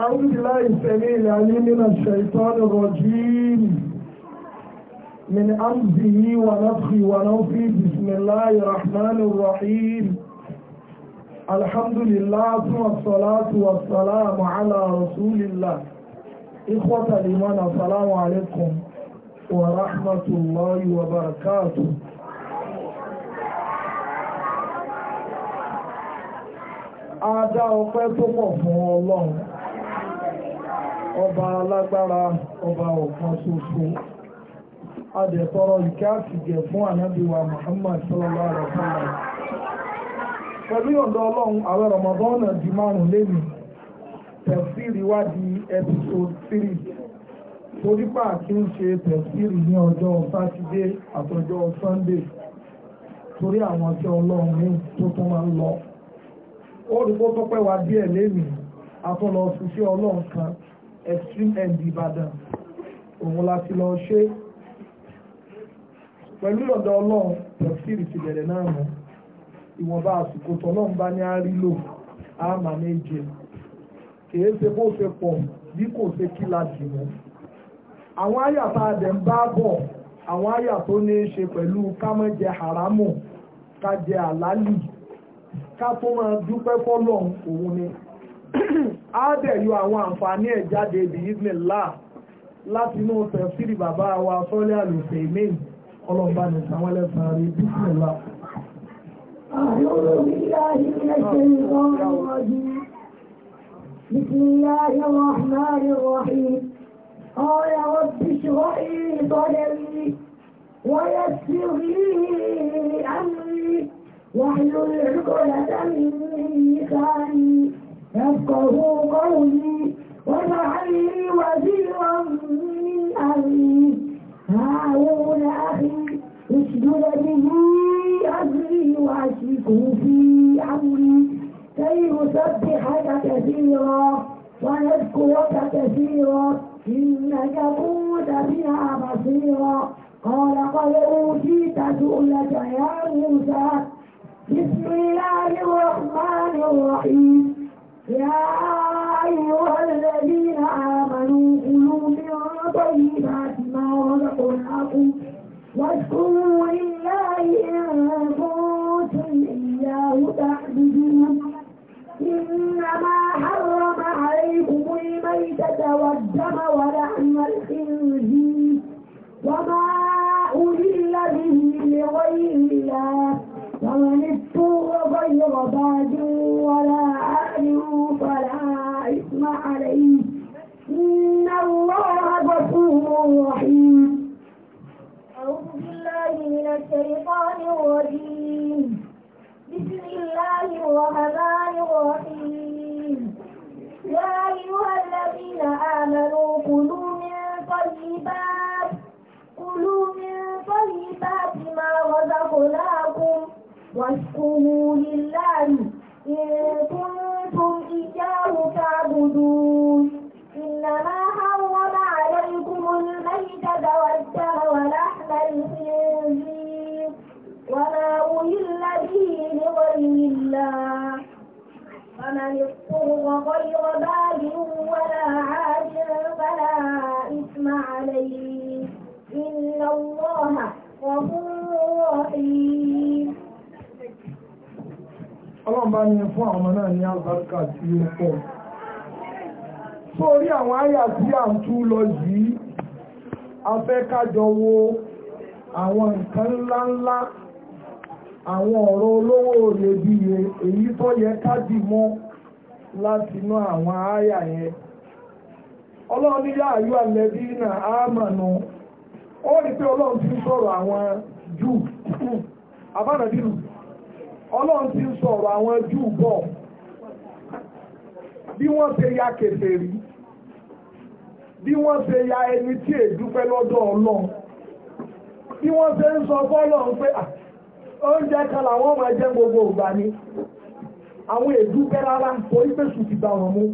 أعوذ بالله السميع العليم من الشيطان الرجيم من أمزه ونفخه ونوفي بسم الله الرحمن الرحيم الحمد لله والصلاة والسلام على رسول الله إخوة الإيمان السلام عليكم ورحمة الله وبركاته Adá ọpẹ́ tó pọ̀ fún Ọlọ́run. ọba alágbára ọba ọ̀kan ṣoṣo adẹ̀tọ́rọ ìkẹ́ àtìgẹ̀ fún ànábíwa Muhammad sallallahu alaihi pẹ̀lú ọ̀dọ̀ ọlọ́run àwẹ̀ Ramadan di márùn lẹ́nu tẹ̀síìrì wá di torí pa kí ṣe tẹ̀síìrì ní ọjọ́ sátidé àtọjọ́ torí àwọn ọjọ́ ọlọ́run ní tó tún máa ń lọ ó rí kó kan extreme end Ìbàdàn òun la ti lọ ṣe pẹ̀lú ọ̀dọ̀ ọlọ́run tẹ̀síìrì ti bẹ̀rẹ̀ náà mọ́ ìwọ̀nba àsìkò tọ́lọ́run bá ní àrílò á mà méje kìí ṣe bó ṣe pọ̀ bí kò ṣe kí la dì mọ́ àwọn àyà tá a dẹ̀ ń bá bọ̀ àwọn àyà tó ní í ṣe pẹ̀lú ká má jẹ haramu ká jẹ àlálì ká tó máa dúpẹ́ fọ́lọ́run òun ni á dẹ̀ yọ àwọn àǹfààní ẹ̀ jáde ibi ìdílé ńlá láti inú tẹ̀síìrì bàbá wa sọ́lẹ̀ àlùfẹ́ ìmẹ́yìn ọlọ́ọ̀bá ní sàwọn ẹlẹ́sàn rí bísílẹ̀ ńlá. أعوذ بالله من الشيطان الرجيم بسم يفقهوا قولي واجعل لي وزيرا من أهلي هارون أخي اسجد به أجري وأشركه في أمري كي نسبحك كثيرا ونذكرك كثيرا إنك كنت بنا بصيرا قال قد أوتيت سؤلك يا موسى بسم الله الرحمن الرحيم يا أيها الذين آمنوا لله إن كنتم إياه إنما حرم عليكم الميتة والدم ولحم الخنزير وما أهل به لغير الله فمن غير باد ولا أهل فلا إثم عليه إن الله غفور رحيم أعوذ بالله من الشيطان الرجيم بسم الله الرحمن الرحيم يا أيها الذين آمنوا كلوا من طيبات كلوا من طيبات ما رزقناكم واشكروا تركه لله bá fún àwọn ọmọ náà ní àlùbáríkà tí ó pọ̀ sórí àwọn àyà tí à ń tú lọ yìí a fẹ́ kájọ wo àwọn nǹkan ńláńlá àwọn ọ̀rọ̀ olówó iyebíye èyí tó yẹ ká mọ́ látinú àwọn àyà yẹn ọlọ́run ní yáàyú àlẹ́bí náà á mànà ó rí pé ọlọ́run ti sọ̀rọ̀ àwọn jù abánàbí nù ọlọ́run ti ń sọ̀rọ̀ àwọn Júù bọ̀ bí wọ́n ṣe ya kèfèrí bí wọ́n ṣe ya ẹni tí èdúpẹ́ lọ́dọ̀ ọlọ́run bí wọ́n ṣe ń sọ fọ́lọ́run pé ah, oúnjẹ kan làwọn máa jẹ gbogbo ìgbà ni àwọn èdúpẹ́ rárá torí pé sùn ti gbà wọ́n mú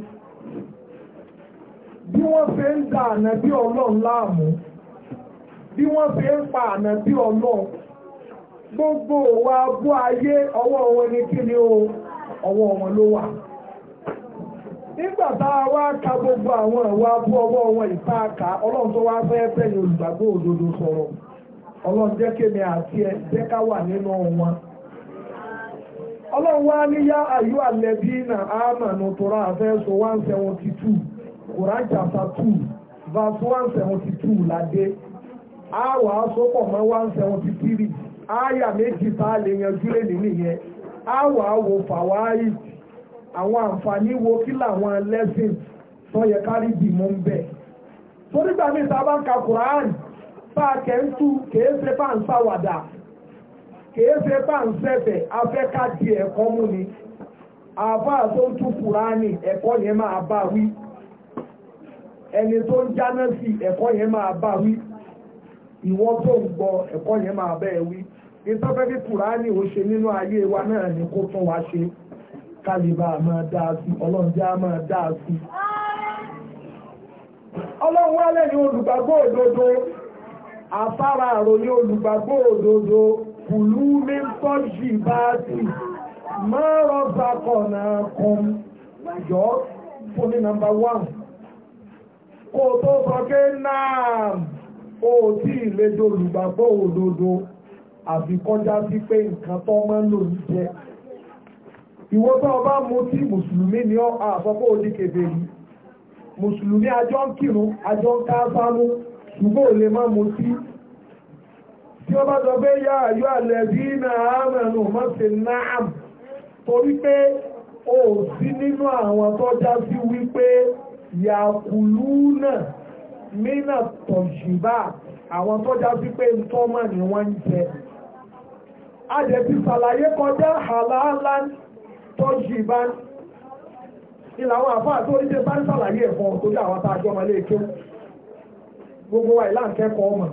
bí wọ́n ṣe ń da ànábí ọlọ́run láàmú bí wọ́n ṣe ń pa ànábí ọlọ́run gbogbo wa bú ayé ọwọ́ wọn ní kí ni o ọwọ́ ló ka gbogbo àwọn ìwà bú ọwọ́ wọn aka ọlọ́run tó wá fẹ́ bẹ̀yìn olùgbàgbọ́ òdodo sọ̀rọ̀ ọlọ́run jẹ́ kémi àti ẹ jẹ́ ká wà nínú wọn ọlọ́run one seventy two two verse one seventy two a mọ́ one seventy three. aya méjì a lè yanjú lè nínú awọ awọ fàwáì àwọn àǹfààní wo kí làwọn lẹ́sìn tó yẹ kárí bì mú ń bẹ̀. torí gbà mí ta bá ń ka Quran bá a kẹ́ ń tú bá ń bá ń ṣẹ̀fẹ̀ afẹ́ká ẹ̀kọ́ mú ni àbá tó ń tú bá ń jáná sí bá ń gbọ́ ìtọ́fẹ́ bí kùránì ò ṣe nínú ayé wa náà ni kó tún wa ṣe kálíbà máa dáa sí ọlọ́run jẹ́ á máa dáa sí. ọlọ́run wálẹ̀ ní olùgbàgbọ́ òdodo afárá àròyìn olùgbàgbọ́ òdodo kùlú mi ń tọ́jú ìbáàtì máa rọ́ọ̀sà kọ̀ọ̀nà kan jọ fún ní nọ́mbà wán kó tó sọ pé náà ó tí ì lè dolùgbàgbọ́ òdodo àbí kọjá sí pé nǹkan tó máa ń lò ní jẹ́ ìwọ tó ọba mú tí mùsùlùmí ni ọ àsọpọ̀ òdì kèfèrí mùsùlùmí ajọ́ ń kírun ajọ́ ń ká sámú ṣùgbọ́n ò lè má mú tí tí ó bá sọ pé yá àyọ́ àlẹ́bí náà àmàlù mọ́sẹ̀ náà torí pé ó sí nínú àwọn tó já sí wípé yàkùlú náà mínà tọ̀ṣìbá àwọn tó já sí pé ń tọ́mọ̀ ni wọ́n ń jẹ àjẹ̀bí sàlàyé kọjá halalan tayyiban ìlàwọn àfáà tó ní ṣe bá ń sàlàyé ẹ̀fọn tó jẹ́ àwọn àtàjọ gbogbo wa ìlà ìkẹ́kọ̀ọ́ ọmọ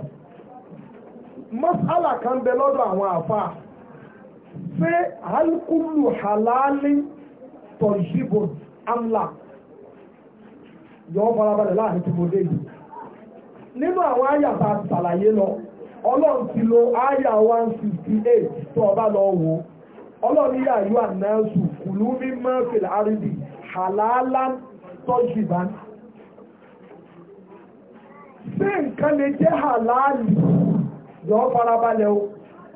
mas'ala kan bẹ lọ́dọ̀ àwọn àfáà ṣé alukulu amla yọ farabalẹ̀ láàrin tí mo dé yìí nínú àwọn àyà tá a sàlàyé tó ọba lọ wò ọlọ́run yà yọ ànáàsù kùlú mímọ́ fìlà àrídì hàlàálà tọ́jú ìbánu. ṣé nǹkan lè jẹ́ hàlàálì yọ farabalẹ̀ o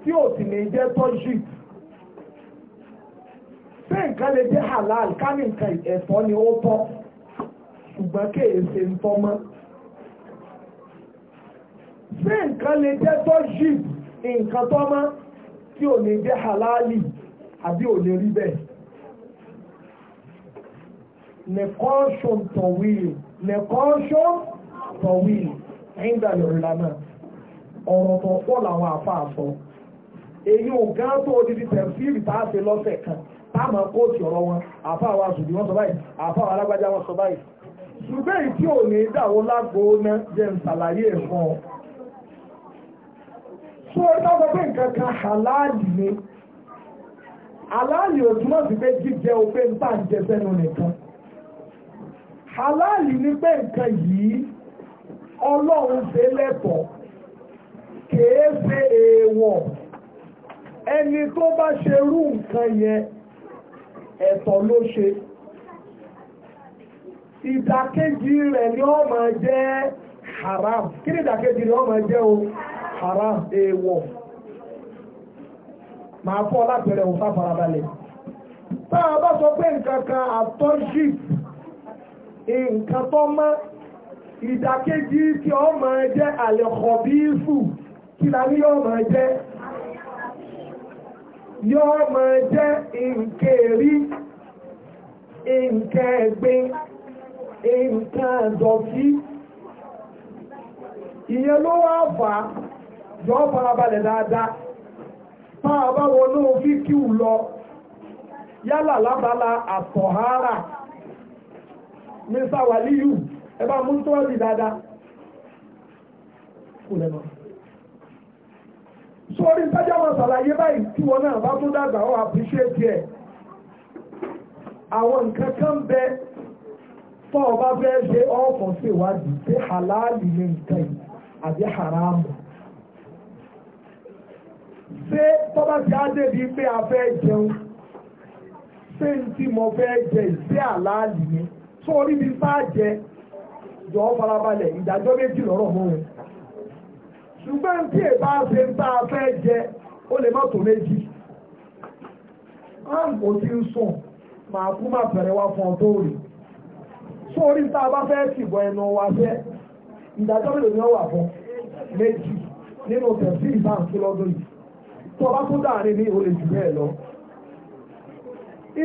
tí ò sì lè jẹ́ tọ́jú ìbánu nǹkan lè jẹ́ halal ká ní nǹkan ni ó tọ́ ṣùgbọ́n kéè ń tọ́ mọ́. nǹkan tí ò ní jẹ́ halali àbí ò lè rí bẹ́ẹ̀ nìkan ṣun tọ̀wìlì nìkan ṣun tọ̀wìlì ẹ̀yìndà yorùbá náà ọ̀rọ̀ tó pọ̀ làwọn àfa àsọ èyí ò gán tó odidi tẹ̀síìrì tá a ṣe lọ́sẹ̀ kan táàmà kóòtù ọ̀rọ̀ wọn àfa wa sùdí wọn sọ báyìí àfa wa alágbájá wọn sọ báyìí ṣùgbọ́n èyí tí ò ní dàwó lágbo jẹ́ ń ẹ̀fọn tí wọ́n bá sọ pé nǹkan kan halali ni halali ò túmọ̀ sí pé jíjẹ òpé ń bá ń jẹ sẹ́nu nìkan halali ni pé nǹkan yìí ọlọ́run ṣe lẹ́tọ̀ọ́ kèé ṣe èèwọ̀ ẹni tó bá ṣe rú nǹkan yẹn ẹ̀tọ́ ló ṣe ìdàkejì rẹ̀ ni ó máa jẹ́ haram kí ni ìdàkejì rẹ̀ ó máa jẹ́ o haram èèwọ̀ màá fọ́ lápẹẹrẹ òun fàfarabalẹ̀ tá a bá sọ pé nǹkan kan àtọ́ṣìp nǹkan tó mọ́ ìdàkejì tí ó máa jẹ́ àlẹ́kọ̀bíìfù kí la ní yóò máa jẹ́ yóò máa jẹ́ nkèrí nǹkan ẹ̀gbin nǹkan ẹ̀dọ̀tí ìyẹn ló wá fà á jọ farabalẹ̀ dáadáa máa bá wọnú fíkíù lọ yálà lábala àtọ̀hárà mínísà wàlíyù ẹ bá mú tọ́ọ̀lì dáadáa kò lẹ́nu sórí tájá máa ṣàlàyé báyìí tí wọn náà bá tún dàgbà ó àpíṣẹ́ẹ̀tì ẹ̀ àwọn nǹkan kan bẹ fọ́ ọba fẹ́ ṣe ọ̀fọ̀ ṣèwádìí pé halali ni nǹkan yìí àbí haramu ṣé tọ́bá ti á débi pé a fẹ́ jẹun ṣé n tí mo fẹ́ jẹ ìṣe àlàálì ni tó orí mi bá jẹ jọ̀ọ́ farabalẹ̀ ìdájọ́ méjì lọ́rọ̀ mọ́ wọn ṣùgbọ́n tí ẹ bá ṣe ń bá a fẹ́ jẹ ó lè má tó méjì áàmù kò tí ń sùn màá kú má bẹ̀rẹ̀ wá fún ọ tó rí sórí tá a bá fẹ́ tìbọn ẹnu wa fẹ́ ìdájọ́ mélòó ni ó wà fún méjì nínú tẹ̀sí ìbáǹkì lọ́dún yìí tó bá ní olè jù bẹ́ẹ̀ lọ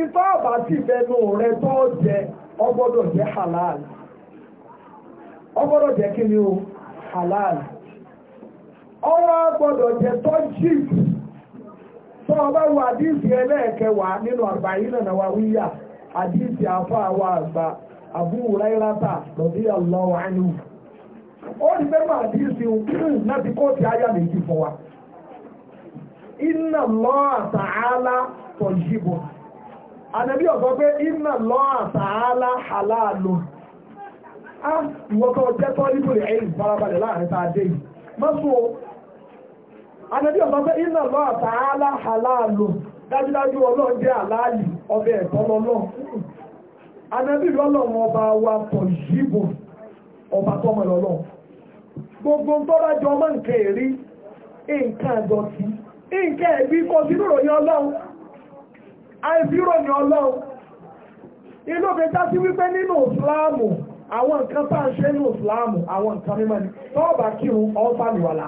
ifá rẹ tó jẹ ọgbọ́dọ̀ jẹ́ halal ọgbọ́dọ̀ jẹ́ kí o halal ọwọ́ gbọ́dọ̀ jẹ́ tó jìp tó ọba wo àdíìsì ẹlẹ́ẹ̀kẹwàá nínú àgbáyé náà wíyà afọ àwọn àgbà àbúrò ráírátà lọ́dí ọlọ́wọ́ àánú ó ní àdíìsì náà ti kó aya méjì fún wa. inna lọ́ àtàálá pọ̀ yíbọ̀ ọ̀sọ́ pé iná lọ́ àtàálá aláàlò nípò rẹ̀ ẹ̀yìn farabalẹ̀ láàrin a dé yìí mọ́sù o ọ̀sọ́ pé iná lọ́ àtàálá aláàlò dájúdájú ọlọ́run jẹ́ àláàlì ọbẹ̀ ẹ̀tọ́ ọba gbogbo ọmọ nǹkan èrí nǹkan nǹkan ẹ̀bí kọ sínú ròyìn ọlọ́run àìsí ròyìn ọlọ́run inú fi já sí wípé nínú ìsìláàmù àwọn nǹkan tá ṣe nínú ìsìláàmù àwọn nǹkan mímọ́ ni tọ́ọ̀bà kírun nìwàlà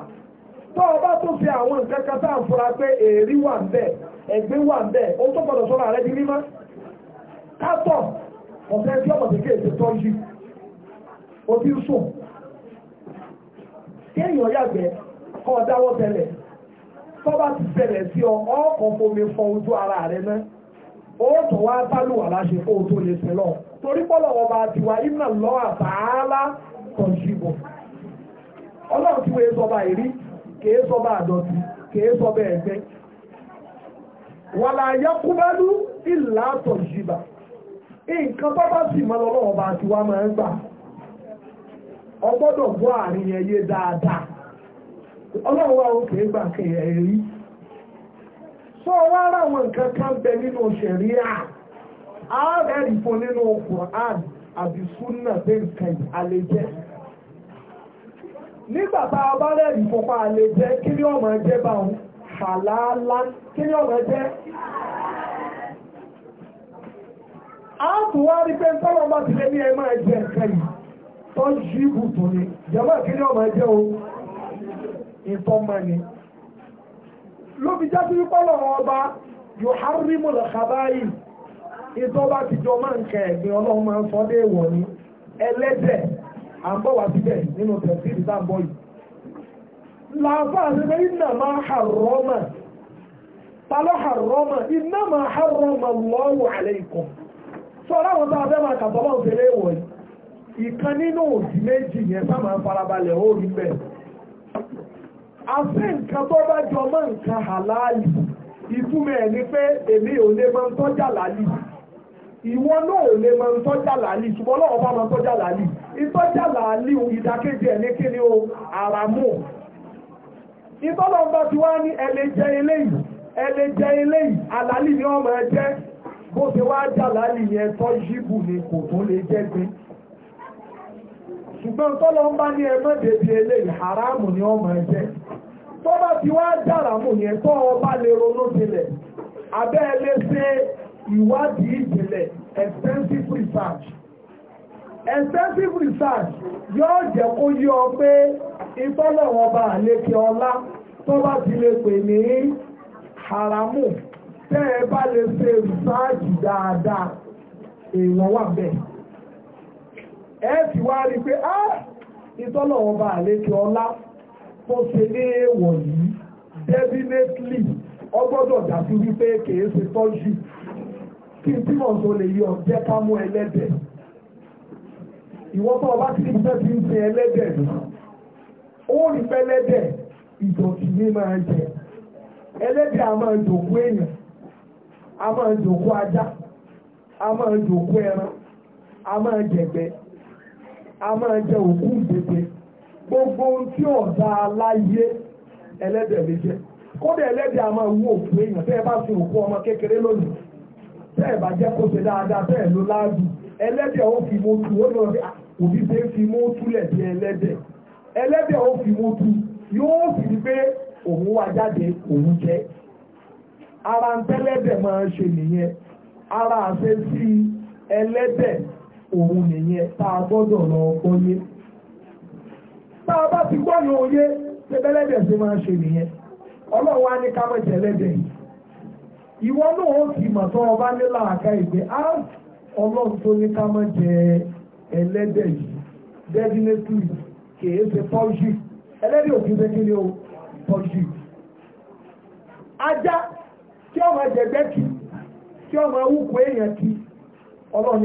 tọ́ọ̀bà tó fi àwọn nǹkan kan fura pé èrí wà ń ẹ̀gbẹ́ wà ń ó tó gbọdọ̀ sọ́ra rẹ di mímọ́ kátọ̀ ọ̀sẹ̀ tí ọmọ tọ́ yìí ó ti tó bá ti bẹ̀rẹ̀ sí ọ ọkàn fomi fọ ojú ara rẹ náà ó tọ̀ wá sálùwà láṣẹ kó o tó lè sẹ́ lọ torí pọ́lọ̀ ọba àtiwá iná lọ́ àtàlá kọ̀ǹṣìbọ̀ ọlọ́run tí wọ́n e sọba ìrí kèé sọba àdọ̀tí kèé sọba ẹ̀gbẹ́ wàlà ayọ́kúbálú ìlà àtọ̀ǹṣìbà nǹkan tó bá sì mọ́ lọ́wọ́ ọba àtiwá máa ń gbà ọgbọ́dọ̀ bọ́ àárín ẹyẹ dáadáa ọlọ́run wa òkè gbà kẹ ẹ̀rí sọ wá ráwọn nǹkan kan bẹ nínú ṣẹ̀ríà ààrẹ ìfọ nínú Quran àbí súnà bẹ́ẹ̀ nǹkan àlejẹ́ nígbà tá a bá rẹ̀ ìfọ̀pá àlejẹ́ kí ni ọmọ ẹjẹ́ bá wọn halala kí ni ọmọ ẹjẹ́ àtúwárí pé tọ́lọ́mọ́ ti lé ní ẹ máa jẹ nǹkan yìí tọ́jú ibùtò ni jẹ́mọ́ kí ni ọmọ ẹjẹ́ o ìtọ́mọ ni ló fi já sí pọ́lọ̀ ọba yóò hárímù lọ́kàbáyì ìtọ́ba ti jọ máa ń kẹ ẹ̀gbìn ọlọ́run máa ń sọ dé ìwọ̀ ni ẹlẹ́dẹ̀ à ń bọ̀ wá síbẹ̀ nínú tẹ̀sí ìdábọ̀ yìí làáfàá ní pé iná máa hàrọ́mà talọ́ hàrọ́mà iná máa hàrọ́mà lọ́wọ́ àlẹ́ ikọ̀ sọ́ra àwọn tó abẹ́ máa kàtọ́ lọ́wọ́ fẹ́lẹ́ ìwọ̀ yìí ìkan nínú òsì méjì yẹn sá àfẹ́ nǹkan tó bá jọ mọ́ nǹkan àláàlì ìfúnmẹ́ ẹ̀ ni pé èmi ò lè máa ń tọ́jà lálì ìwọ náà ò lè máa ń tọ́jà lálì ṣùgbọ́n lọ́wọ́ bá máa ń tọ́jà lálì ìtọ́jà lálì ìdákejì ẹ̀ ní kíni o àràmù ìtọ́lọ́mbà ti wá ní ẹlẹ́ jẹ eléyìí ẹlẹ́ jẹ eléyìí àlálì ni ọmọ ẹ jẹ́ bó ṣe wá jà lálì yẹn tọ́ yíbù ni kò tó lè jẹ́ gbé ṣùgbọ́n tọ́lọ ń bá ní ẹmọ́ dèbí eléyìí haramu ni ọmọ ẹjẹ́ tó bá ti wá dàràmù yẹn tó ọba lè ronú tilẹ̀ abẹ́ ẹlẹ́ ṣe ìwádìí ìjìnlẹ̀ extensive research extensive research yóò jẹ́ kó yí ọ pé ìtọ́lọ̀ ọba àlékè ọlá tó bá ti lè pè ní haramu tẹ́ ẹ bá lè ṣe rìsáàjì dáadáa èèyàn wà bẹ́ẹ̀. ẹ fi wá rí pé á na ọba àlékè ọlá tó ṣe ní èèwọ̀ yìí definitely ọgbọ́dọ̀ dàbí wípé kìí ṣe tọ́jú kí n tímọ̀ tó lè yọ jẹ́ ká mú ẹlẹ́dẹ̀ ìwọ́n tó ọba tí níbi ń ṣe ẹlẹ́dẹ̀ ó rí pẹ́lẹ́dẹ̀ ìdọ̀tí ní máa jẹ ẹlẹ́dẹ̀ a máa jòkó èèyàn a máa jòkó ajá a máa jòkó ẹran a máa jẹ̀gbẹ́ a máa jẹ òkú ìdẹ́gbẹ́ gbogbo ohun tí ọ̀dà aláyé ẹlẹ́dẹ̀ lè jẹ kódà ẹlẹ́dẹ̀ a máa wú òkú èèyàn tẹ́ ẹ bá fi òkú ọmọ kékeré lónìí tẹ́ ẹ bá jẹ́ kó ṣe dáadáa tẹ́ ẹ ló láàbù ẹlẹ́dẹ̀ ó fi mú tu ó lọ ah, òbí ṣe ń fi mú túlẹ̀ bí ẹlẹ́dẹ̀ ẹlẹ́dẹ̀ ó fi mú tu yóò sì rí pé òun wá jáde òun jẹ́ ara ń tẹ́lẹ́dẹ̀ máa ń ṣe nìyẹn ara àṣẹ sí ẹlẹ́dẹ̀ òun nìyẹn taa gbọ́dọ̀ lọ bá ti gbọ́yé òye tẹ́lẹ́dẹ̀ ṣe máa ṣe nìyẹn ọlọ́run wá ní ká má jẹ yìí ìwọ náà ó mọ̀ tó ọba ní làákà ìgbé á ọlọ́run tó ní ká jẹ ẹlẹ́dẹ̀ yìí definitely kìí ṣe pọ́jù ẹlẹ́dẹ̀ kí ni pọ́jù ajá tí ọmọ ẹ̀jẹ̀ gbẹ́kì tí ọmọ ẹ̀wùkú èèyàn ọlọ́run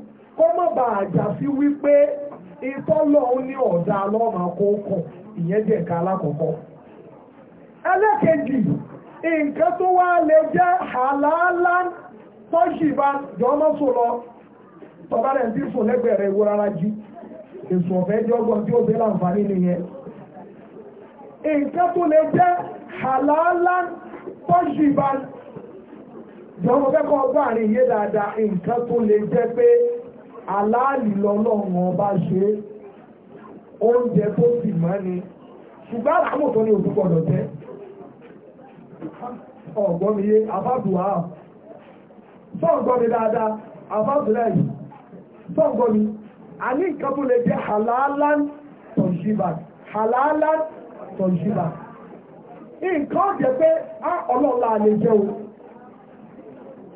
kó má bà á jà sí wípé ìtọ́lọ̀ ó ní ọ̀dà lọ́mà kó kàn ìyẹn jẹ́ nǹkan alákọ̀ọ́kọ́ ẹlẹ́kejì nǹkan tó wá lè jẹ́ àlàálá tọ́jì bá jọmọ́ sùn lọ tọ́ba rẹ̀ ti sùn lẹ́gbẹ̀ẹ́ rẹ̀ ìwúra ara jí èso ọ̀fẹ́ jẹ́ ọgbọ́n tí ó bẹ́ láǹfààní nìyẹn nǹkan tó lè jẹ́ àlàálá tọ́jì bá jọmọ́ fẹ́kọ̀ọ́ bá àárín yé dáadáa nǹkan tó lè jẹ́ pé aláàlì lọ́lọ́run ọba ṣe oúnjẹ tó sì mọ́ ni ṣùgbọ́n àràmù tó ní òtún gbọ́dọ̀ jẹ́ ọ̀gbọ́n mi yé afábùhá sọ́ọ̀gbọ́n mi dáadáa afábùhá yìí sọ́ọ̀gbọ́n mi a ní nǹkan tó lè jẹ́ halalan tọ̀ṣíbà halalan tọ̀ṣíbà nǹkan ọ̀jẹ̀ pé á ọlọ́ọ̀la lè jẹ́ o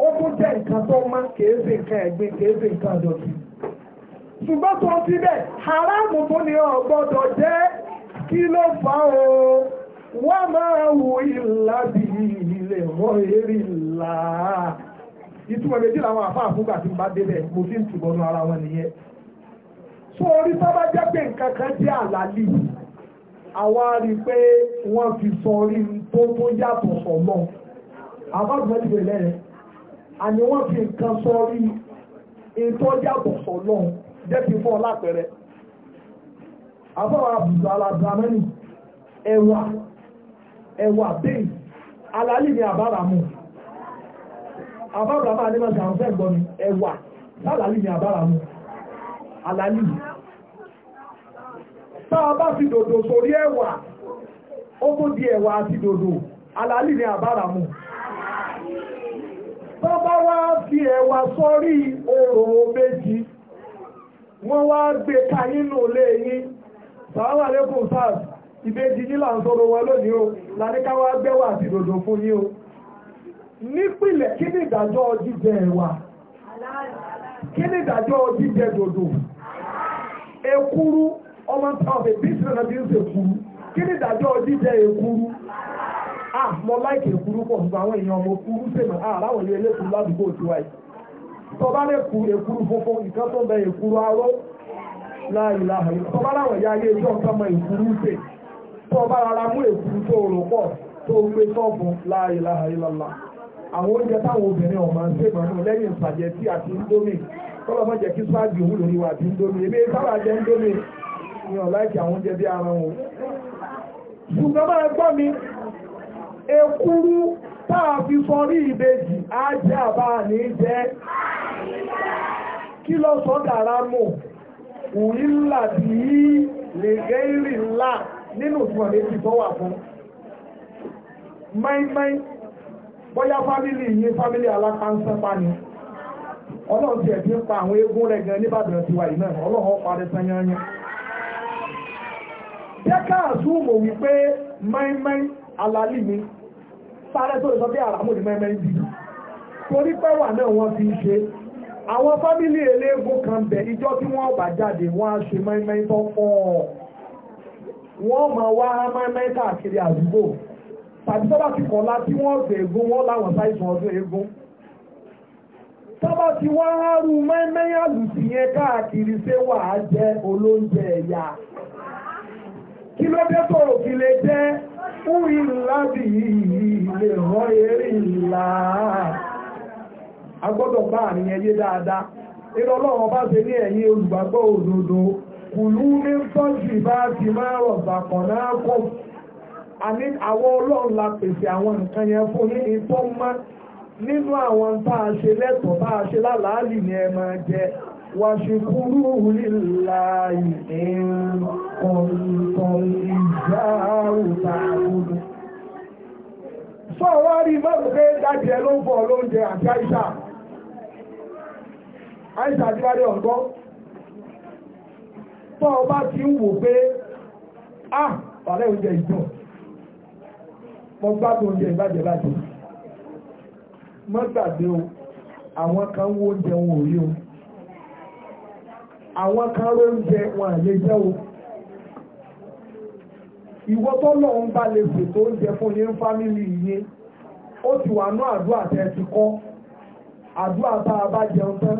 ó tún jẹ́ nǹkan tó máa kèéfì nǹkan ẹ̀gbin kèéfì nǹkan àdọ̀tí ṣùgbọ́n tó síbẹ̀ haramu fún ni ọ gbọ́dọ̀ jẹ́ kí ló fà ó wọ́n máa wù ìlà bí ilẹ̀ mọ́ eré ìlà ìtumọ̀ méjì làwọn àfáà fúgbà tí n bá débẹ̀ mo fi ń tùbọ̀nù ara wọn nìyẹn tó orí sábà jẹ́ pé nǹkan kan jẹ́ àlàlì àwa rí i pé wọ́n fi sọ orí tó tó yàtọ̀ sọ̀mọ́ àbájúmọ́ ti bẹ̀rẹ̀ lẹ́rẹ̀ẹ́ wọ́n fi nǹkan sọ orí ètò yàtọ̀ sọ̀lọ́ọ̀ jẹ́ kí n fún ọ lápẹ̀rẹ̀ ala àbùsọ aládàmẹ́nì ẹ̀wà ẹ̀wà bẹ́ẹ̀ ni ní mu àbáràmù àdébàṣà àwọn fẹ́ gbọ́ mi ẹ̀wà alálì ní àbáràmù alálì tá fi dòdò sórí ẹ̀wà ó di fi méjì wọ́n wá gbé ká nínú ilé yín sàárà lẹ́kùn sars ìbejì là ń sọ̀rọ̀ wọn lónìí o làníká wá gbẹ́wà àti dòdò fún o kí ni ìdájọ́ jíjẹ ẹ̀wà kí ìdájọ́ jíjẹ dòdò ekuru ọmọ ọ̀fẹ́ bíṣẹ̀ náà bí ń kuru kí ìdájọ́ jíjẹ ekuru ah mo ekuru pọ̀ ọmọ kuru sèmọ̀ ah láwọn ilé ládùúgbò tiwa yìí tó bá lè kú ikan funfun ìkan tó bẹ èkúrú aró láìláhà tó bá láwọn ayé ẹjọ́ nǹkan mọ èkúrú pè tó rárá mú èkúrú tó rò pọ̀ tó gbé tọ́ọ̀bù láìláhà ìlàlá àwọn oúnjẹ táwọn obìnrin ọ̀mà ń sèpọ̀ àti indomie kọ́lọ̀ mọ́ kí òun indomie sábà indomie ni àwọn oúnjẹ bí ara wọn. ṣùgbọ́n máa gbọ́ mi táà fi sọ ìbejì á kí lọ sọ dára mọ̀ òyí ńlá bí i lè gẹ́ ìrì ńlá nínú ìtumọ̀ méjì tó wà fún mẹ́mẹ́ bóyá fámílì yìí fámílì alákánsápá ni ọlọ́run ti ẹ̀bí ń pa àwọn egún rẹ̀ gan níbàdàn ti wà yìí ọlọ́run fi ṣe àwọn fámílì eléégún kan bẹ̀ ìjọ tí wọ́n bá jáde wọ́n á ṣe mẹ́mẹ́ tó pọ̀ wọ́n máa wá mẹ́mẹ́ káàkiri àdúgbò tàbí tọ́ba ti kọ̀ọ̀la tí wọ́n fẹ́ egun wọ́n láwọn sáìsàn ọdún eégún tọ́ba ti wá rú mẹ́mẹ́ àlùsí yẹn káàkiri ṣé a gbọ́dọ̀ bá àrin ẹyẹ dáadáa ilé ọlọ́run bá ṣe ní ẹ̀yin olùgbàgbọ́ òdodo kùlú ní tọ́jú bá ti máa rọ̀ bàkàn náà àní àwọn ọlọ́run la pèsè àwọn nǹkan yẹn fún ní ìtọ́ mọ́ nínú àwọn bá a ṣe lẹ́tọ̀ọ́ bá a ṣe lálàálì ni ẹ máa jẹ wàṣíkúrú líláyì ẹ̀kọ̀ọ̀kan ìjà òta àkúdù. sọ wá àìsàn àdíwárí ọ̀gbọ́ tọ́ ọba ti ń wò pé à wàlẹ́ oúnjẹ ìjọ mọ gbádùn oúnjẹ ìbàjẹ́ bàjẹ́ mọ́ gbàgbé o àwọn kan wo oúnjẹ wọn ò rí o àwọn kan ló ń jẹ wọn àlè jẹ́ o ìwọ tó lọ ń bá lè ṣètò oúnjẹ fún yín fámìlì yín ó ti wà ní àdúrà tẹ́ ti kọ́ àdúrà tá a bá jẹun tán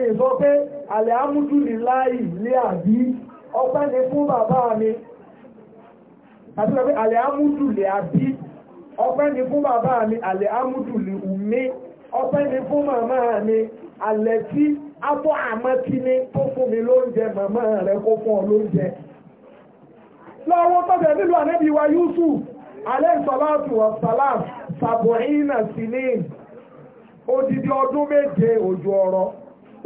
èso pé àlẹ́ amúdú ní láì lé àbí ọpẹ́ ni fún bàbá mi àti pé àlẹ́ amúdú lè àbí ọpẹ́ ni fún bàbá mi àlẹ́ amúdú lè ùmí ọpẹ́ ni fún màmá mi àlẹ́ tí abọ́ àmọ́kí ni tó fún mi lóúnjẹ màmá rẹ̀ kó fún ọ lóúnjẹ lọ́wọ́ tọ́bẹ̀ nílùú ànẹ́bí wa yúsù alẹ́ ìsọ̀láàtù ọ̀sàlám sàbòhínà sílẹ̀ odidi ọdún méje òjò ọ̀rọ̀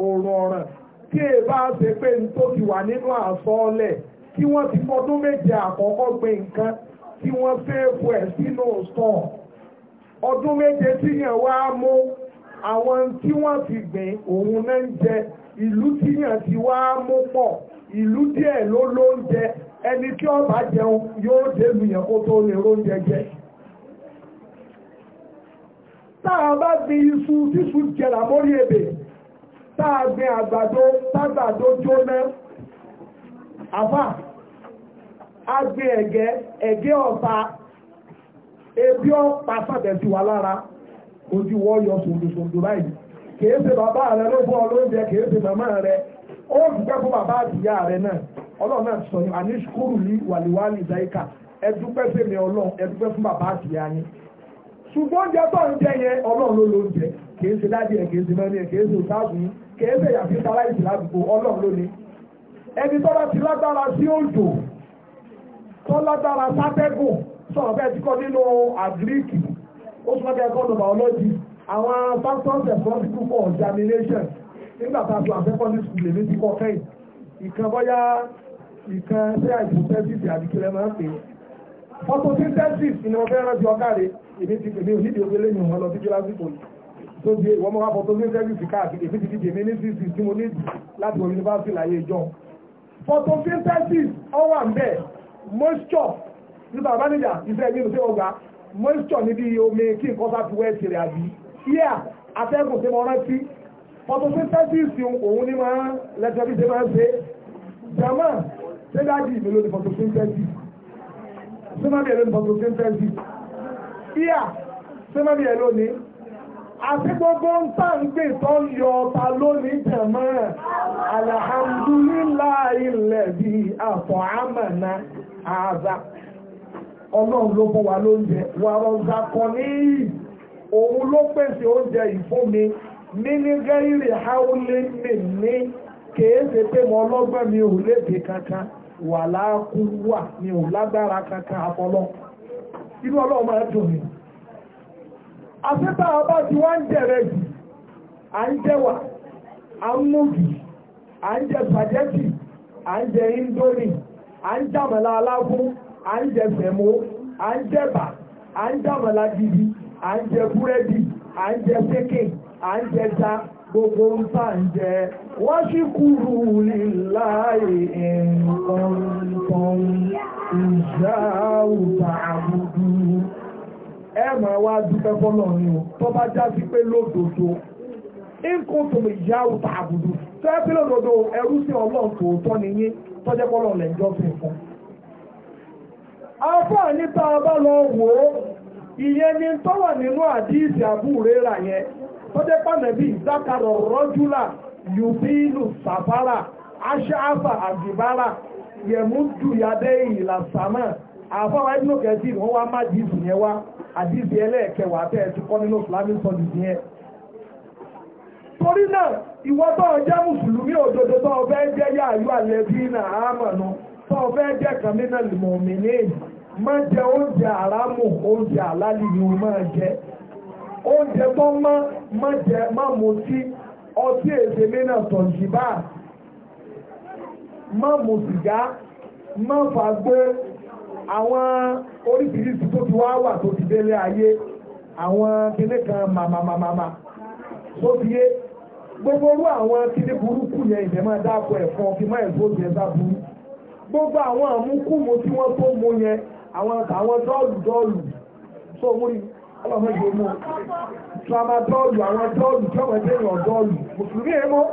òrò ọ̀ràn kí è bá ṣe pé ní tó ti wà nínú àsọọ́lẹ̀ tí wọ́n ti fọdún méje àkọ́kọ́ gbé nǹkan tí wọ́n fẹ́ẹ̀fù ẹ̀ sínú stọ̀ ọdún méje tí yàn wá mú àwọn tí wọ́n ti gbìn òun náà ń jẹ ìlú tí yàn ti wá mú pọ̀ ìlú díẹ̀ ló ló ń jẹ ẹni tí ó bá jẹun yóò délù yẹn kó tó lè róúnjẹ jẹ táà bá gbin iṣu tíṣu jẹrà mórí ebè táàgbẹ́ àgbàdo tágbàdo jóná àfà agbẹ́ ẹ̀gẹ́ ẹ̀gẹ́ ọ̀ta ebi ọ̀pá sàbẹ̀sí wa lára ojú wọ́n yọ sòdòsòdò báyìí kìí ṣe bàbá rẹ ló fún lóúnjẹ kìí ṣe màmá rẹ ó dùpẹ́ fún bàbá àtìyá rẹ náà ọlọ́run náà sọ yìí àní sukúrù ní zaika ẹ dúpẹ́ fèmí ọlọ́run ẹ dúpẹ́ fún bàbá àtìyá yín ṣùgbọ́n oúnjẹ tó ń jẹ yẹn ọlọ́run ló lóúnjẹ kìí ṣe dájú ẹ kìí ṣe mẹ́rin kẹ́ẹ́sẹ̀ yàtí tara ìsìláàbò ọlọ́run lónìí ẹni tọ́lá ti lágbára sí òjò tọ́lá dára sátẹ́gùn sọ̀rọ̀ bẹ́ẹ̀ tí kọ́ nínú àgíríkì ó sọ bẹ́ẹ̀ kọ́ lọ́ba ọlọ́jì àwọn factors responsible for germination nígbà tá a tó àfẹ́kọ́ ní sùkúlù èmi ti kọ́ kẹ́yìn ìkan bọ́yá ìkan ṣé àìsùnfẹ́sìs àdìkílẹ̀ máa ń pè é photosynthesis ni wọ́n fẹ́ rántí ọkàrẹ́ èmi ti pèmí ònídìí obìnrin yìí wọn lọ sí jọ́lá sí pòlì tó di ìwọ́n mọ́ wápọ̀ tó gbé sẹ́fíìsì káàkiri èmi ti fi dèmí ní sísì tí mo ní láti wọ yunifásitì láyé ìjọ photosynthesis ọwà ń bẹ moisture ní bàbá níjà iṣẹ́ ẹgbẹ́ ìlú ọgbà moisture níbi omi kí nǹkan bá fi wẹ́ tirẹ̀ àbí yíyà atẹ́gùn tí mo rántí photosynthesis òun ní máa lẹ́tọ́ bí ṣe máa ń ṣe jama ṣé dájú ìlú ló ní photosynthesis ṣé má bí ẹ̀ ló photosynthesis yíyà ṣé má bí ẹ̀ ló àti gbogbo ń tà ń gbè tó yọ ọta lónìí afọ amana alladhi at'amana àzà ọlọ́run ló fún wa lóúnjẹ wà rọ̀ǹzà ní òun ló pèsè oúnjẹ ìfúnmi ní gẹ́rì haúlé mi ní kèé ṣe pé mo ọlọ́gbọ́n àṣẹ́ta ọba ti wá ń jẹ̀rẹ̀ jù à ń jẹ́wà à ń múgì à ń jẹ spaghetti à ń jẹ indomie à ń jàmọ̀lá alágún à ń jẹ sẹ̀mó à ń jẹ̀bà à ń jàmọ̀lá gidi à ń jẹ búrẹ́dì à ń jẹ pékin à ń jẹ ta gbogbo ń bá ń jẹ wọ́n sì kúrú líláyé nǹkan nǹkan ìjà òtà àbùdù ẹ máa wá dúpẹ́ fọ́lọ́ ni o tó bá já sí pé lódodo nǹkan tó lè yá o tà àbùdù tó yẹ pé lódodo ẹrú sí ọlọ́run tòótọ́ ni yín tọ́jẹ́ pọ́lọ́ lẹ̀ ń jọ́sìn fún. afáà ní bá lọ wò ó ìyẹn ni tó wà nínú àdíìsì àbúrérà yẹn tọ́jẹ́ pàmẹ́bí ìdákarọ̀ rọ́júlà yùbílù sàfárà aṣááfà àgbìbárà yẹ̀mú dùyàdé ìlà sàmà àfáwà ìdúnlọ́kẹ́ sí ìwọ́n wá má dìísù yẹn wá àdíbi ẹlẹ́ẹ̀kẹwàá bẹ́ẹ̀ ti kọ́ nínú islamic studies yẹn torí náà ìwọ tó jẹ́ mùsùlùmí òdodo tó fẹ́ jẹ́ yáàyú àlẹ́bí náà àmọ̀nà tó fẹ́ jẹ́ kàmínà lìmọ̀mìnì má jẹ oúnjẹ àrámù oúnjẹ àlálì ni o máa jẹ oúnjẹ tó má má jẹ má mutí ọtí èdè mìíràn tọ̀jìbá má mu sìgá má fàgbé àwọn oríṣiríṣi tó ti wá wà tó ti délé ayé àwọn kíní kan màmàmàmà tó ti yé gbogbo orú àwọn kíní burúkú yẹn ìjẹ́ máa dáàbò ẹ̀fọn kí má ẹ̀fọ́ ti ẹ̀dá burú gbogbo àwọn àmúkùmù tí wọ́n tó mú yẹn àwọn àwọn dọ́ọ̀lù dọ́ọ̀lù tó mú ni ọlọ́mọ ìgbè mú trauma dọ́ọ̀lù àwọn dọ́ọ̀lù tí ọmọdé yàn dọ́ọ̀lù mùsùlùmí ẹ̀ mọ́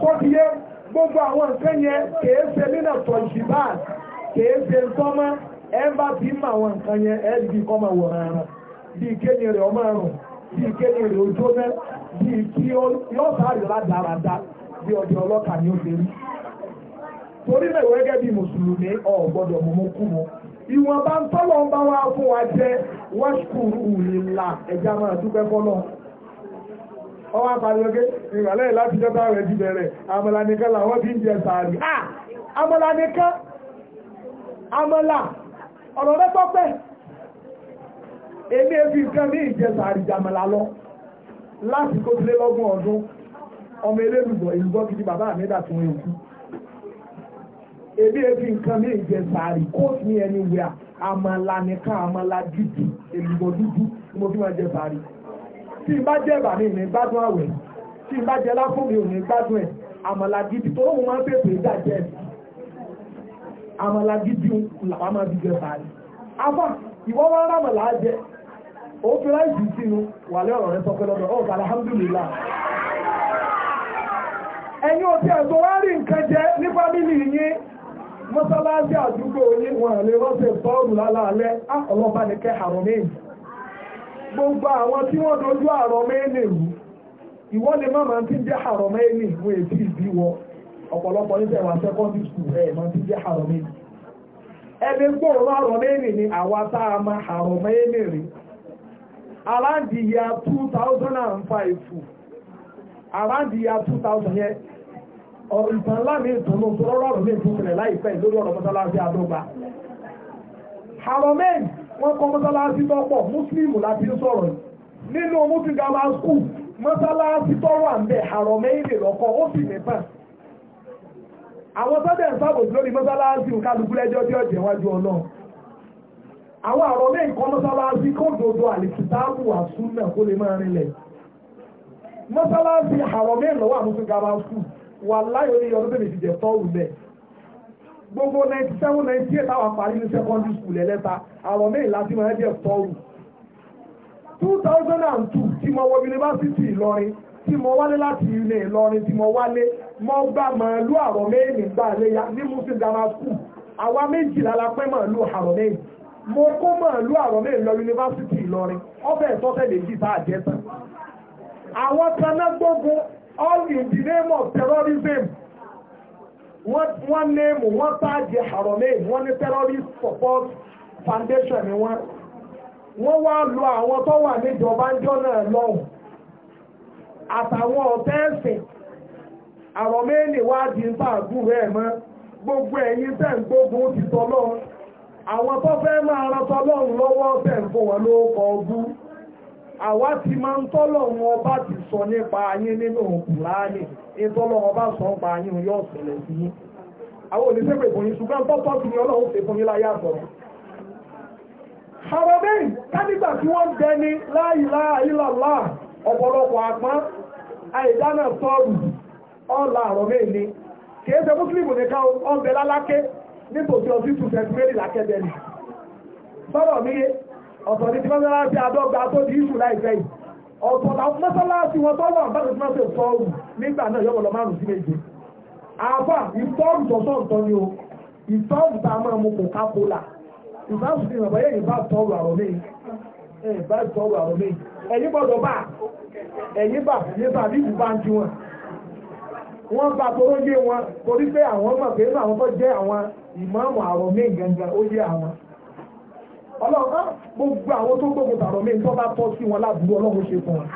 tó ti yé gbogbo àwọn nǹkan yẹn kèé ṣe nínà tọ̀ ìṣìbáàsì ka eze sọ́mọ́ ebe tí ń mà wọn nǹkan ọma ẹ̀ bí kọ́ máa wọ̀ rárá bí kéde rẹ̀ ọmọ àrùn bí kéde rẹ̀ ojó mẹ́ bí kí yóò sáré ládàradà torí náà ìwé gẹ́gẹ́ bí mùsùlùmí kú fún wa jẹ́ ìlà ẹ̀já máa dúpẹ́ ọwọ́ ìrọ̀lẹ́ rẹ̀ làwọn ti ń jẹ sàárì ah! amọ́là ọ̀rọ̀ rẹ tọ́pẹ́ èmi ebi nǹkan ní ìjẹsà àrìjàmọ̀là lọ láti kó sílé lọ́gbọ̀n ọdún ọmọ elébùbọ̀ ìlúgbọ́ gidi bàbá mi dà tún ewu èmi ebi nǹkan ní ìjẹsà àrì kóòtù ní ẹni wíà àmàlà nìkan àmàlà dúdú èlùbọ̀ dúdú ni mo fi máa jẹ sàárì tí n bá jẹ bàmí mi gbádùn àwẹ̀ tí n bá jẹ láfún mi ò ní gbádùn ẹ̀ àmàlà gidi tó lóun máa ń pèpè ìdájẹ́ mi amala gidi làwọn máa bí iwọ báyìí afá ìwọ́n wá rámà láàjẹ ó fi ráìsì sínú wà lẹ́ ọ̀rọ̀ rẹ sọpẹ́ lọ́dọ̀ ọ̀gá alhamdulilá ẹ̀yin òtí ẹ̀sọ́ wá rí nǹkan jẹ ní fámìlì yín mọ́sálásí àdúgbò yín wọn lè rọ́ọ̀sẹ̀ sọ́ọ̀rù lálẹ́ ní gbogbo àwọn tí dojú nìlú ọ̀pọ̀lọpọ̀ ní sẹ́wọ̀n secondary school ẹ̀ máa ti jẹ́ àròmé ẹni ni a máa rí around 2005 year two thousand and five around the year two thousand tó láìpẹ́ lórí ọ̀rọ̀ mọ́sálásí wọ́n kọ́ mọ́sálásí láti sọ̀rọ̀ nínú mọ́sálásí ń bẹ̀ lọ́kọ́ ó sì àwọn sọ́dẹ̀ ń sábò lórí mọ́sálásí kálukú lẹ́jọ́ tí ọ̀jẹ̀ wájú ọlọ́run àwọn àrọ̀ lè kọ́ mọ́sálásí kó dodo àlìkìtáàbù àsúnà kó lè máa rinlẹ̀ mọ́sálásí àrọ̀ mẹ́rin lọ́wọ́ àmúṣe gaba sùn wà láyò ní ọdún tèmi ìdìjẹ tọ́wù bẹ́ẹ̀ gbogbo ninety seven ninety eight àwọn parí ní secondary school ẹlẹ́ta àrọ̀ mẹ́rin láti máa jẹ́ tọ́wù two thousand and two tí mo wọ yunifásitì Ìlọrin tí mo wálé láti ilé Ìlọrin tí mo wálé mo gbá màálù àrọ̀ mẹ́rin gbà léyà ní muslim grammar àwa méjìlá la pẹ́ màálù àrọ̀ mẹ́rin mo kó màálù àrọ̀ mẹ́rin lọ yunifásitì Ìlọrin ọbẹ̀ ìtọ́sẹ̀ méjì tá a àwọn kaná gbógun all in the name of terrorism wọ́n néèmù wọ́n táàgì àrọ̀ mẹ́rin wọ́n ní terrorist support foundation ni wọ́n wọ́n wá lo àwọn tó wà níjọba ń jọ náà lọ́hùn àtàwọn ọ̀tẹ́ ẹ̀sìn àwọn méèlì wá di ń bá àgúrò ẹ̀ gbogbo ẹ̀yin tẹ́ ń gbógun ti tọ́lọ́run àwọn tó fẹ́ máa ran tọ́lọ́run lọ́wọ́ tẹ́ ń fún wọn ló kọ bú àwa ti máa ń tọ́lọ́run ọba ti sọ nípa ayín nínú Kùránì ní ọba sọ nípa ayín yóò ṣẹlẹ̀ sí yín àwọn olùsẹ́pẹ̀ fún ṣùgbọ́n tọ́tọ́ sí ni ọlọ́run ṣe fún yín láyé àtọ̀rọ̀ àwọn bẹ́ẹ̀ kánígbà tí wọ́n dẹni la ilaha ọ̀pọ̀lọpọ̀ àpọ́n àìdáná sọ́ọ̀rù ọ̀la àrọ̀mẹ́ ìní kìí ṣe mùsùlùmù nìkan ọ̀bẹ lálákẹ́ nítòsí ọtí tù fẹ̀túmẹ́rì lákẹ́bẹ̀rì sọ́rọ̀ mi ọ̀tọ̀ ní mọ́sálásí adọ́gba tó di ìṣù láìpẹ́ yìí ọ̀tọ̀ làwọn mọ́sálásí wọn tọ́wọ́ àbájọ́sí máa ń ṣe sọ́ọ̀rù nígbà náà yọ̀wọ̀ lọ márùn sí méje àbá ìtọ́ọ̀rù tọ̀tọ̀ ǹtọ́ ni o ìtọ́ọ̀rù tá a máa mú kò ká kó là ìbáṣù ti ràn báyẹ̀ ìbá tọ́ọ̀rù àrọ̀mẹ́ yìí ẹ̀ bá sọ̀rọ̀ àwọn méjì ẹ̀yìn gbọ́dọ̀ bá ẹ̀yìn bà ní bàbí ìlú bá ń ju wọn wọ́n bá toró yé wọn torí pé àwọn mọ̀ pé inú àwọn tó jẹ́ àwọn ìmáàmù àrọ̀ mí gangan ó yé àwọn ọlọ́ọ̀ká ah, gbogbo àwọn tó gbógun tààrọ̀ mí tó bá tọ́ sí wọn lábúrú ọlọ́run ṣe fún wọn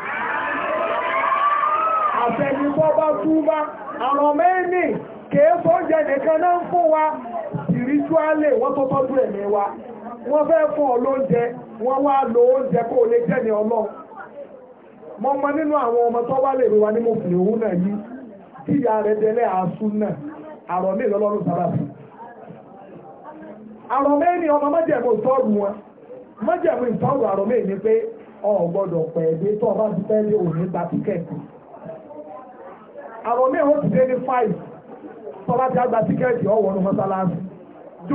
àfẹnifọ́ bá túbá àrọ̀ mẹ́ni kèé fọ́jẹ nìkan náà ń fún wa spiritually wọ́n tó tọ́jú ẹ̀mí wa wọ́n fẹ́ fún ọ lóúnjẹ wọ́n wá lo oúnjẹ kó o lè jẹ́ ní ọlọ́ mọ́ mọ́ nínú àwọn ọmọ tó wá lè rí wa ní mo fi òun náà yí tí ìyá rẹ̀ délé àásù náà àrọ̀ mí lọ́lọ́run sára wọn ìtọ́rù àrọ̀ mí ni ọ gbọ́dọ̀ tó ọba ti òní gba tíkẹ́ẹ̀tì àrọ̀ mí ò ti dé ní five ti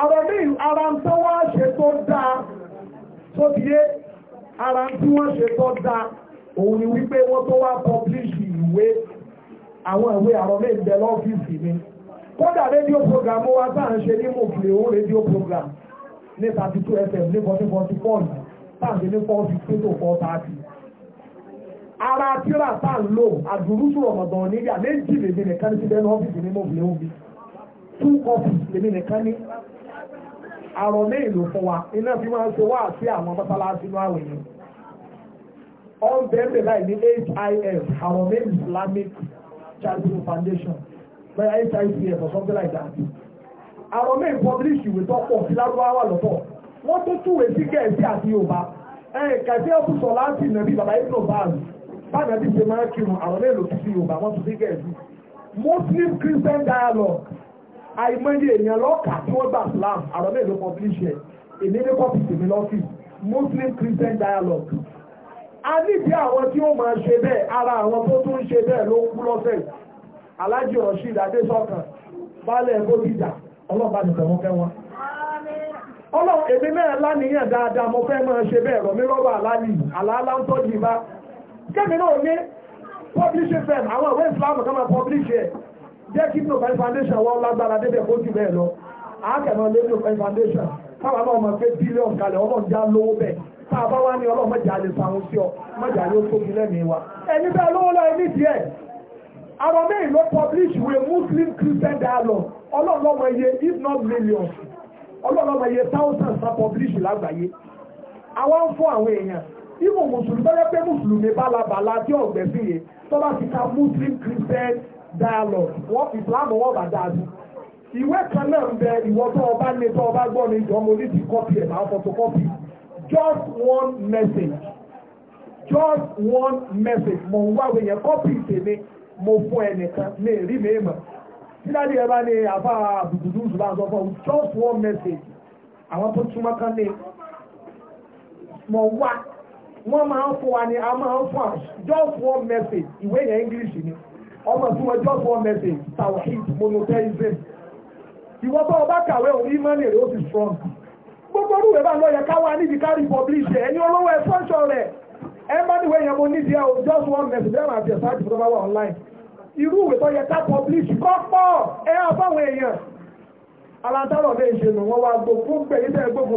àwọn míì ara ń tó wá ṣe tó dáa tó ti yé ara tí wọ́n ṣe tó dáa òun ni wípé wọ́n tó wá pọ́blíṣì ìwé àwọn ìwé àwọn míì bẹ lọ́fíìsì mi kódà rédíò program wa tá à ń ṣe ní mòkìlè òun rédíò program ní thirty two fm ní fourteen forty four yìí tá à ń ṣe ní four sixty to four thirty ara tíra tá à ń lò àdúrúsù ọ̀mọ̀dàn níyà méjì lèmi nìkan bẹ́ẹ̀ ní ọ́fíìsì ní mòkìlè òun bí two copies lèmi nìkan ní àrọ̀ mẹ́rin ló fún wa iná fi máa ń ṣe wá sí àwọn mọ́sálásí inú àwẹ̀ yẹn all bẹ́ẹ̀ báyìí ní HIF àrọ̀ mẹ́rin Islamic Charity Foundation bẹ́ẹ̀ HICF or something like that àrọ̀ mẹ́rin publish ìwé tó pọ̀ sí lárúbáwá lọ́tọ̀ wọ́n tó túwèé sí gẹ̀ẹ́sì àti Yorùbá kàtí ọ̀pọ̀ sọ láti nàbí bàbá ibùdó báàlù báàlù àti ṣe máa kírun àrọ̀ mẹ́rin ló ti sí Yorùbá wọ́n tún sí gẹ̀ẹ́sì Muslim Christian dialogue àìmọye èèyàn lọ́ọ̀kà tí wọ́n gbà slam àrọ́ mẹ́rin ló pọ̀blíṣẹ̀ èmi ní kọ́pì tèmi lọ́fì Muslim Christian dialogue a níbi àwọn tí ó máa ṣe bẹ́ẹ̀ ara àwọn tó tún ṣe bẹ́ẹ̀ ló ń kú lọ́sẹ̀ Alhaji Rasheed Adesọkan balẹ̀ bóbìjà ọlọ́ọ̀bá ti tẹ̀wọ́n fẹ́ wọn. ọlọ́run èmi náà láníyàn dáadáa mo fẹ́ máa ṣe bẹ́ẹ̀ rọ̀mí lọ́wọ́ àlálì àlàálá ń tọ́jú ibà kẹ́mi náà ní publishing firm àwọn ìwé ìsìlámù kan máa publish ẹ̀ jẹ́ kí Nobel foundation wọ́n lágbára débẹ̀ kó jù bẹ́ẹ̀ lọ àákẹ́mọ́ lé Nobel foundation táwa náà mọ̀ pé bílíọ̀n kalẹ̀ ọmọ ìjà lówó bẹ́ẹ̀ tá a bá wá ní ọlọ́mọ ìjà lè sàrun sí ọ mọ̀jà ló tóbi lẹ́mìí wa ẹni bẹ́ẹ̀ lówó lọ ẹni díẹ̀ àwọn mẹ́rin ló publish with Muslim Christian dialogue ọlọ́ọ̀lọ́mọ iye if not millions ọlọ́ọ̀lọ́mọ iye thousands are publish lágbàáyé àwọn ń fún àwọn èèyàn ìmọ̀ mùsùlùmí bẹ́ẹ̀ pé mùsùlùmí bálabàla Muslim Christian dialogue What is Islam wọ́n bá dáadé ìwé kan náà ń bẹ ìwọ tó ọba ní tó ọba gbọ́ ní ìjọ mo kọ́pì ẹ̀ máa photocopy just one message just one message mo ń wá wẹ̀yẹn kọ́pì tèmi mo fún ẹnìkan ní èrí mi mọ̀ síláàdì ẹ bá ní àfa àbùdùdù ìṣúná sọ fún just one message àwọn tó túmọ̀ kan ní mo wá wọ́n máa ń fún wa ní a máa ń fún just one message ìwé yẹn English ni. ọmọ tí wọ́n jọ́gbọ́ mẹ́sìn tawhid monotheism ìwọ bá ọba kàwé òní ìmọ̀lẹ̀ rẹ̀ ó ti strong gbogbo orúwẹ̀ bá lọ yẹ káwá níbi ká republish e, ẹni olówó ẹ̀ sọ́ṣọ rẹ̀ ẹ má níwẹ̀ yẹn mo nídìí o just one message ẹ̀ máa fi ẹ̀sán àti fọ́tọ́bá wà online irú ìwé tó yẹ ká publish kọ́ pọ̀ ẹ̀ eyan. èèyàn alátàrọ̀ lè ṣe nù wọ́n wá gbogbo gbẹ̀yìn tẹ́ gbogbo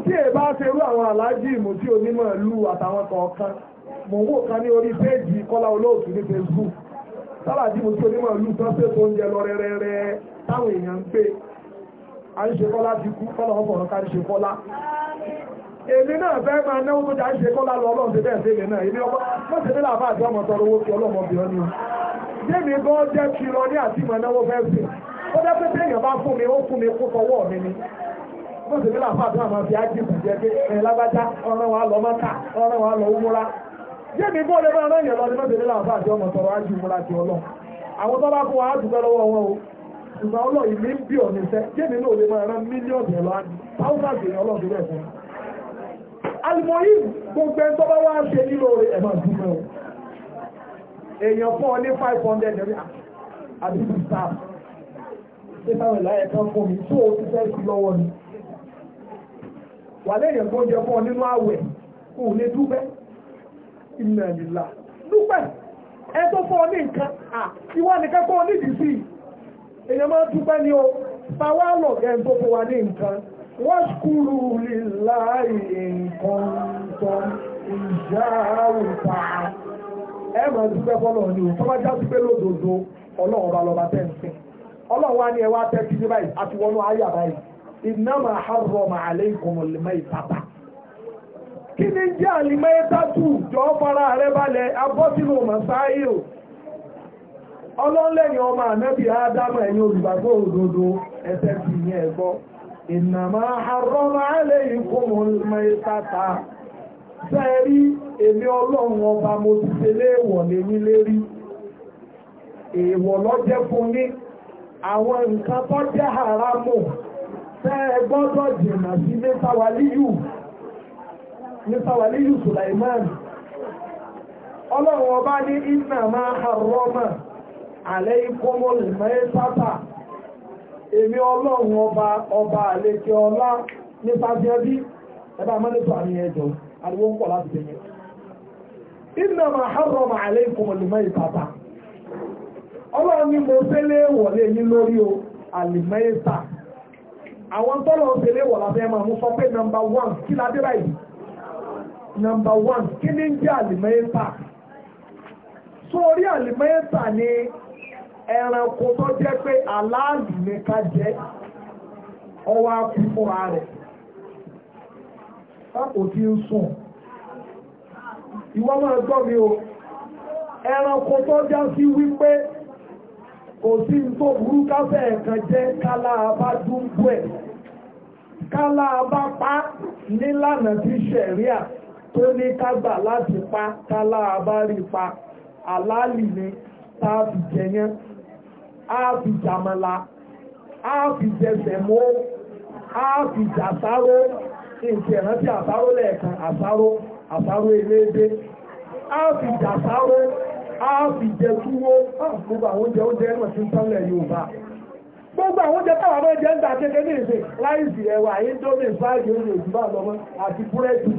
tí è bá ṣerú àwọn aláàjì ìmú tí onímọ̀ ìlú àtàwọn kọ̀ọ̀kan mò ń wò kan ní orí péèjì kọ́lá olóòtú ní facebook sábàjì tí onímọ̀ ìlú tán lọ táwọn èèyàn ń gbé ń ṣe kọ́lá ti kú kọ́lá wọn kọ̀ọ̀kan ń ṣe kọ́lá èmi náà fẹ́ máa náwó tó jà ń ṣe kọ́lá lọ ọlọ́run ṣe bẹ́ẹ̀ sí èmi náà èmi ọkọ mọ́sẹ̀ ó sì nílò àfáà tí wọ́n máa fi ájì ìbàjẹ́ pé ẹ̀ lágbájá ọ̀rẹ́ wa lọ mọ́ta ọ̀rẹ́ wa lọ múra jẹ́mi bó lè máa rán yẹn lọ ní mọ́tò nílò àfáà ọmọ tọrọ ájì múra ti ọlọ́ àwọn tó bá kó wa dùgbẹ́ lọ́wọ́ wọn o ṣùgbọ́n ọlọ́ ìlú ń bí ọ̀nì iṣẹ́ jẹ́mi náà lè máa rán mílíọ̀nù yẹn lọ táwùsàgbè yẹn ọlọ́ọ̀dún bẹ́ẹ̀ fún alimoyi gbogbo ẹni tó bá wá ṣe nílò rẹ̀ ẹ̀ máa dùn mọ́ èèyàn fún ọ ní five hundred àbí two staff ṣé táwọn ìlà ẹ̀ka fún mi tó o ti fẹ́ sí lọ́wọ́ ni wà lẹ́yìn kó jẹ fún ọ nínú àwẹ̀ kò lè dúpẹ́ ìnà ìlà dúpẹ́ ẹ tó fún ọ ní nǹkan ìwọ nìkan fún ní ìdìsí èèyàn máa dúpẹ́ ni o pàwọ́ àlọ́ ẹ tó fún wa ní nǹkan wọ́n kúrú lílá nǹkan tó ẹ o tó bá já ọlọ́run ọba ọlọ́run wa ni ẹ wá tẹ́ kí ní ìnáwó àhárọ̀ mà àlékún olùmọ̀ ìtàtà kí ni jẹ́ àlìmọ̀ ìtàtù jọ fara rẹ balẹ̀ abọ́sílò ọmọ ànábì ádámù ẹ̀yìn olùgbàgbọ́ òdodo ẹsẹ̀ ti yẹn ẹ̀gbọ́ ìnáwó sẹ́ẹ̀rí èmi ọlọ́run ọba mo ti ṣe léèwọ̀ lérí èèwọ̀ lọ́jẹ́ fún yín àwọn nǹkan tó jẹ́ tẹ́ ẹ gbọ́dọ̀ jìnnà sí mẹ́tàwálíyù mẹ́tàwálíyù Sùlàìmán ọlọ́run ọba ní iná máa harọ́mà àlẹ́ ikọ́mọ́ ìmọ̀ èmi ọba ọba àlẹ́kẹ́ ọlá ẹbá mọ́lẹ́tọ̀ àmì ẹjọ́ àríwọ́ ń pọ̀ láti àlẹ́ ọlọ́run ni mo fẹ́lẹ́ àwọn tọ́lọ̀ ń tẹ̀lé wọ̀ lábẹ́ máa mú sọ pé nọmba wán kí ládé báyìí nọmba wán kí ní ń jẹ́ àlìmọ́yẹ́ta sórí àlìmọ́yẹ́ta ni ẹranko tó jẹ́ pé aláàlì ní ká jẹ́ ọwọ́ akú fúnra rẹ̀ pápò tí ń sùn ìwọ́n máa gbọ́ mi o ẹranko tó já sí wípé kò sí tó burú káfẹ́ ẹ̀kan jẹ́ kálá bá dúnkú ẹ̀ kálá bá pa nílànà tí ṣẹ̀ríà tó ní kágbà láti pa kálá bá rí pa àlálì ni tá a fi jẹyán a jàmọ̀lá a fi jẹsẹ̀ a fi jàsáró nǹkan ìrántí àsáró lẹ́ẹ̀kan àsáró àsáró eléèdé a fi jàsáró. ààbìjẹ túwó ààbùgbà oúnjẹ oúnjẹ ẹ̀rọ sí sánlẹ̀ Yorùbá gbogbo àwọn oúnjẹ táwọn ọmọ ń gbà kékeré ní ìsìn si, ẹ̀wà indomie fáìlì oúnjẹ òjúbà lọ́mọ àti búrẹ́dì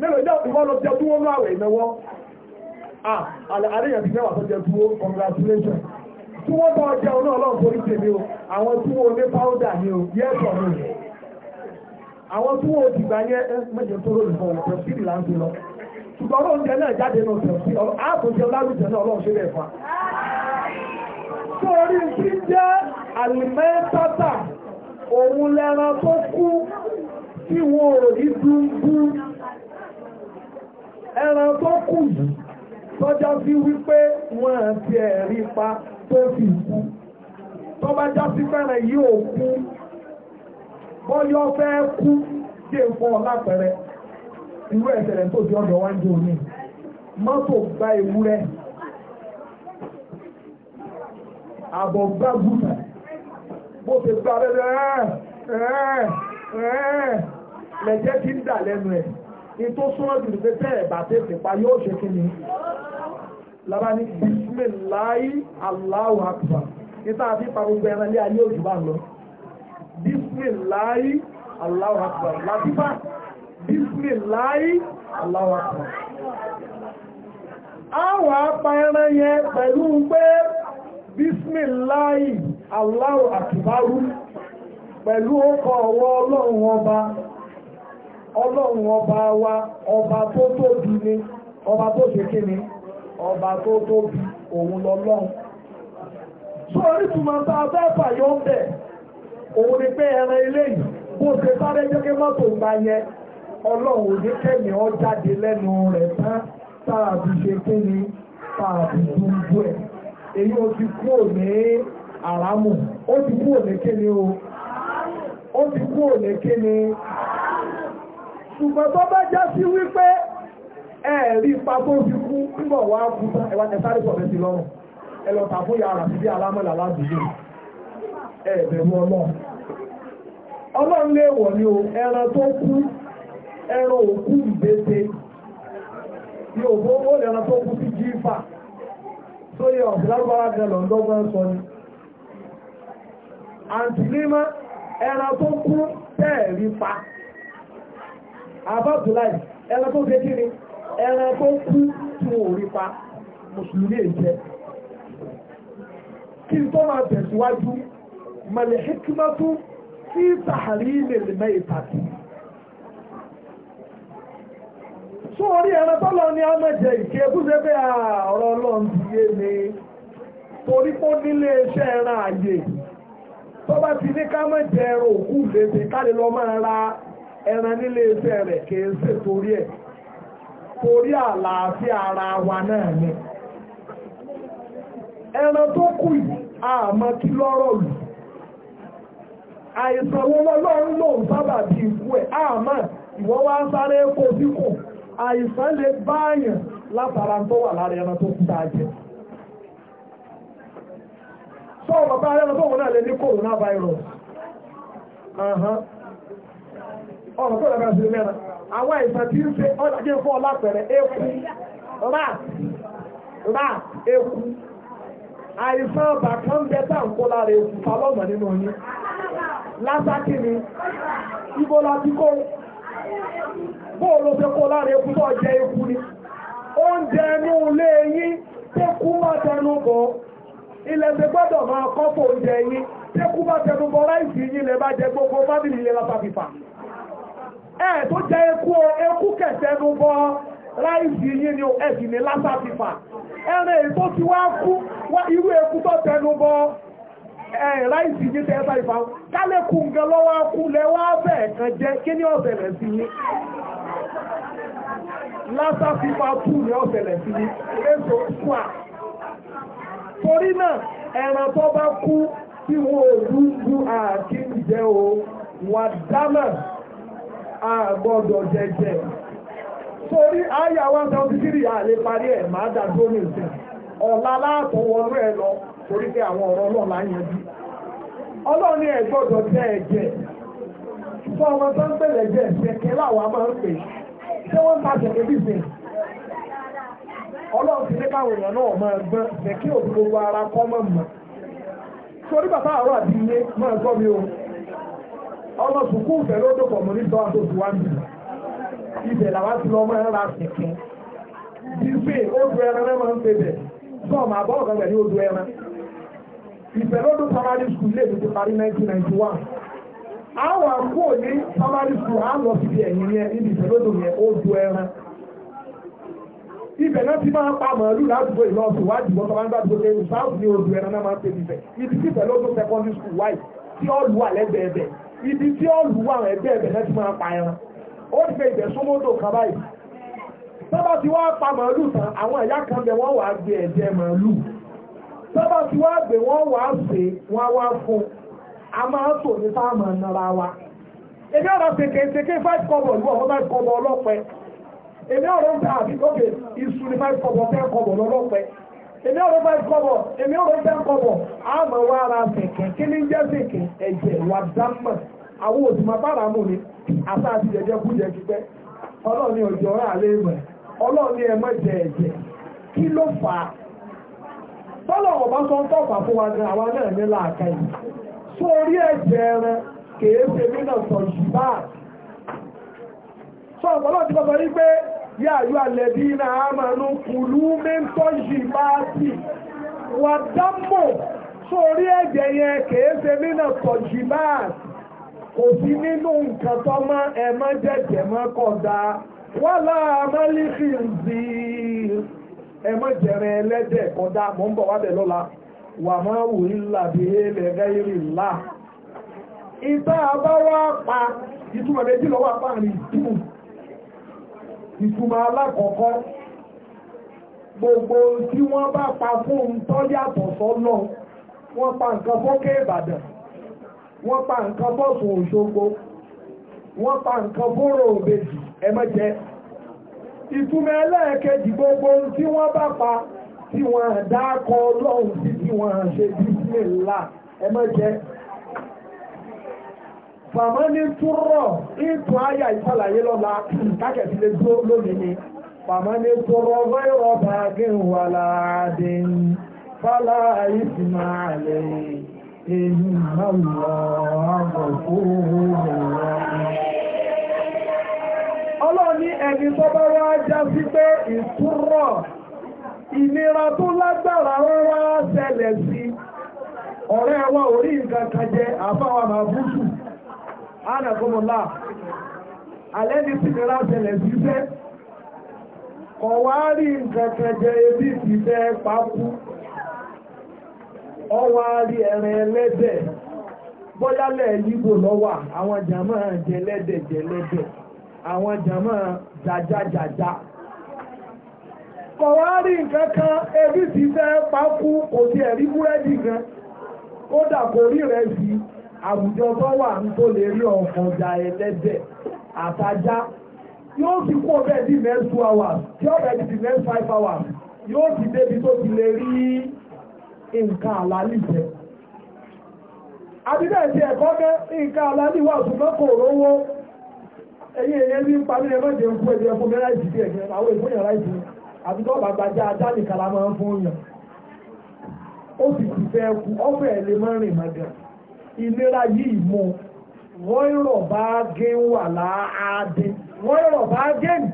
mẹ́rin náà ìwọ́n lọ jẹ túwó náà ti o àwọn túwó ni o ti gbà tó pẹ̀lú ṣùgbọ́n oúnjẹ náà jáde náà sọ sí ààbòjẹ lárújẹ náà ọlọ́run ṣe bẹ́ẹ̀ fa torí tí jẹ́ àlìmẹ́tàtà òun lẹ́ran tó kú tí wọn ò rí dúdú ẹran tó kù yìí tọ́já sí wípé wọn àti ẹ̀rí pa tó fi kú tó bá já sí fẹ́rẹ̀ yìí ò kú bọ́yọ́ fẹ́ kú dé fún ọ lápẹẹrẹ irú ẹ̀sẹ̀lẹ̀ tó di ọ̀dọ̀ wá ń jò ní mọ́tò gba ewúrẹ́ àbọ̀ gbá gùtà bó ṣe gbá abẹ́rẹ́ lẹ́jẹ́ tí ń dà lẹ́nu ẹ̀ ètò súnmọ́ jù ní pé ẹ̀bà tètè pa yóò ṣe kí ni lábá ní bismillahi Allahu akbar níta àti ipa ẹran lé ayé òjò bá lọ bismillahi Allahu akbar láti bá bísmì láì aláwàpá àwọ̀ apá ẹran yẹn pẹ̀lú pé bísmì láì aláwọ̀ àtìbárú pẹ̀lú ọkọ̀ ọwọ́ ọlọ́run ọba ọlọ́run ọba wa ọba tó ni ọba tó ṣe kí ni ọba tó tóbi òun lọ́lọ́run tó bẹ̀ òun ni pé ẹran eléyìí bó ṣe sáré jẹ́kẹ́ mọ́tò ń yẹn ọlọ́run òde kẹ́mi ọ jáde lẹ́nu rẹ̀ tán tààbí ṣe kí ni tààbí gbogbo ẹ̀ èyí ó ti kúrò ní àrámù ó ti kúrò ní kí ni o ó ti kúrò ní kí ni ṣùgbọ́n tó bá já sí wípé ẹ̀ẹ̀rí ipa tó fi kú nígbọ̀ wá kú tán ẹwà tẹ̀sáré pọ̀ bẹ́sì lọ́rùn ẹ lọ tà fún yàrá sí bí alámọ̀lá ládùúgbò ẹ̀ẹ̀bẹ̀rù ọlọ́run ọlọ́run léèwọ̀ ni o ẹran tó kú ẹran o ìbété ní òbó ó lẹ́ran tó kú sí jífà tó yẹ ọ̀sìlágbára gẹ̀lọ̀ ǹdọ́gbọ́n sọ ni àǹtìlímọ́ ẹran tó kú tẹ́ẹ̀rí pa abábùláì ẹran tó kékeré ni ẹran tó kú tún òrí pa mùsùlùmí èjẹ kí n tó máa tẹ̀síwájú tó orí ẹran tọ́lọ ní ọmọjẹ ìké ẹkúṣẹ́ pé ọ̀rọ̀ ọlọ́run ti yé ni torí pó nílé iṣẹ́ ẹran àyè tó bá ti ní ká mọ̀jẹ ẹran òkú ìfèsè káde lọ máa ra ẹran nílé iṣẹ́ rẹ̀ kìí ṣe torí ẹ̀ torí àlàáfíà ara wa náà ni ẹran tó kù yìí àmọ́ kí lọ́rọ̀ lù àìsàn wọn lọ́rùn lòun sábà bí ikú ẹ̀ àmọ́ ìwọ́n wá sáré kó síkùn àìsàn lè báyàn látara tó wà lára ẹran tó kú tá a jẹ sọ na ẹran tó wọn náà lè ní coronavirus ọ̀rọ̀ tó lẹ́gbẹ̀rẹ̀ sí mẹ́ra àwọn àìsàn tí ń ṣe fún eku rat rat eku àìsàn bàkan bẹ́tà kó lára bóòlù fẹ́ kó lára eku tó jẹ eku ni oúnjẹ inú ilé yín tẹ́kú má tẹnu bọ̀ ilẹ̀ ti gbọ́dọ̀ máa kọ́pọ̀ oúnjẹ yín tẹ́kú má tẹnu bọ̀ láìsí yín lè bá jẹ gbogbo fábìlì ilẹ̀ lápapìpà ẹ̀ tó jẹ eku o eku kẹ̀tẹ́nu bọ̀ láìsí yín ni ẹ̀sìn ní lápapìpà ẹ̀rẹ̀ èyí tó ti wá kú irú eku tó tẹnu ráìsì yìí tẹ́ bá ìfà kálẹ́kùn gan lọ́wọ́ kú lẹ́wọ́ bẹ́ẹ̀ kan kí ni ọ̀sẹ̀lẹ̀ sí lásà fi máa ní ọ̀fẹ̀lẹ̀ sí kú torí náà ẹ̀ràn bá kú tí wọn ò dúdú o àgbọ̀dọ̀ jẹjẹ torí àlè parí ẹ̀ torí pé àwọn ọ̀rọ̀ ọlọ́run á yanjú ọlọ́run ẹ̀ gbọ́dọ̀ fún ọmọ tó ń pèlè jẹ́ ṣẹ̀kẹ́ láwọn a ń pè ṣé wọ́n ń ta ṣẹ̀kẹ́ bísìn ọlọ́run ti ní káwọn èèyàn náà máa gbọ́n gbogbo ara kọ́ mọ̀ mọ̀ torí bàbá àárọ̀ àti ilé máa gbọ́ mi o ọmọ sùkúù ló dókọ̀ mọ́ nítorí àti oṣù wa nù ibẹ̀ ìbẹ̀lódún primary school lè tètè parí 1991 àwọn àkó ní primary school á lọ síbi ẹ̀yìn yẹn níbi ìbẹ̀lódún yẹn ó du ẹran ibẹ̀ náà ti máa pa màálù ládùúgbò ìlọ́ọ̀sì wájú wọn tọ́wọ́n gbàdúgbò pé south ní odò ẹran náà máa ń tẹ̀lé ibẹ̀ ibi tí ìbẹ̀lódún secondary school wáyé tí ó lu àlẹ́ bẹ̀ẹ̀bẹ̀ ibi tí ó lu àwọn ẹgbẹ́ ẹ̀bẹ̀ náà ti máa pa ẹran ó ti fẹ́ ibẹ̀ sómódò kan báyìí tọ́ba ti wá pa màálù tán àwọn ẹ̀yà kan bẹ̀ wọ́n wàá gbé ẹ̀jẹ̀ màálù sábà tí wọ́n gbé wọ́n wà sí wọ́n wá fún a máa tò ní sáàmà nara wa èmi ọ̀rọ̀ ṣèké five kọ́bọ̀ five kọ́bọ̀ ọlọ́pẹ èmi ọ̀rọ̀ ń ta àbí lókè ní five kọ́bọ̀ ten kọ́bọ̀ èmi ọ̀rọ̀ five kọ́bọ̀ èmi ọ̀rọ̀ ten kọ́bọ̀ a máa wá ara ṣèké kí ni jẹ́ ṣèké ẹ̀jẹ̀ wà dámà àwọn òsì bára mú àti jẹjẹ tọ́lọ̀ wọ̀ bá sọ ń tọ́pà fún wa gan àwa náà ní làákà yìí sórí ẹ̀jẹ̀ rẹ kèé ṣe mí náà sọ yìí báà sọ ọ̀pọ̀lọ́ ti kọ́kọ́ rí pé yá àyú àlẹ́bí náà á máa ń kùlú mẹ́ńtọ́ yìí báà sí wà dámọ̀ sórí ẹ̀jẹ̀ yẹn kèé ṣe mí náà sọ yìí báà kò sí nínú nǹkan tó má ẹ̀ má jẹ́jẹ̀ má kọ̀ dáa wọ́n láà ẹ má jẹrin kọjá mọ́ ń wà máa wù í làbí ilẹ̀ gẹ́rì ńlá ìta àbáwá pa ìtumọ̀ méjì lọ́wọ́ apáàrin ìtumọ̀ alákọ̀ọ́kọ́ gbogbo tí wọ́n bá pa fún un sọ́nà pa nǹkan fókè Ìbàdàn wọ́n pa nǹkan Òṣogbo wọ́n pa nǹkan ìtumọ̀ ẹlẹ́ẹ̀kejì gbogbo tí wọ́n bá pa tí wọ́n dákọ ọlọ́run sí tí wọ́n ṣe bísímìlá ẹmọ́jẹ́ fàmọ́ ní túrọ̀ ìtù ayà ìsàlàyé lọ́la kákẹ̀sí lè tó lónìí ni fàmọ́ ní túrọ̀ rẹ́rọ̀ bá gẹ̀wà láàdín fálà ìsìnmà àlẹ́ èyí máa ọlọ́run ní ẹni tó bá wá já sí pé ìtúrọ̀ ìnira tó lágbára rárá ṣẹlẹ̀ sí ọ̀rẹ́ wa orí nǹkan kan jẹ àfáwà máa búṣù ánàkọ́mọlá alẹ́ ní tìnira ṣẹlẹ̀ sí fẹ́ kọ̀ wá rí nǹkan kan jẹ ebi ti fẹ́ pákú ọwọ́ rí ẹran ẹlẹ́dẹ̀ bóyá lẹ́ẹ̀lígbò lọ́wà àwọn jàmáà jẹlẹ́dẹ̀ jẹlẹ́dẹ̀ àwọn jàmọ́ jàjàjàjà kọ̀wárí nǹkan kan ebi ti fẹ́ pákú kò ti ẹ̀rí búrẹ́dì gan kódà kò rí rẹ̀ sí àwùjọ tó wà ń tó lè rí ọ̀fọ̀jà ẹlẹ́dẹ̀ àtajá yóò ti kú ọbẹ̀ di next two hours tí ọbẹ̀ di next five hours yóò ti débi tó ti lè rí nǹkan àlálì jẹ. àbíbẹ̀ ti ẹ̀kọ́ gẹ́ nǹkan àlálì wà ṣùgbọ́n kò rówó ẹ̀yìn èyẹ ní parí ẹgbẹ́ jẹ́ fún ẹgbẹ́ fún mẹ́rà ìdíje ẹ̀gbẹ́ àwọn ìfún yàrá ìdíje àti tó bàbá jẹ́ ajá ní kalama ń fún yàn ó sì ti fẹ́ kú ọ̀fẹ́ ẹ̀ lè má rìn màgà ìlera yìí mọ wọ́n rọ̀ bá gé wà láàádé wọ́n rọ̀ bá gé nì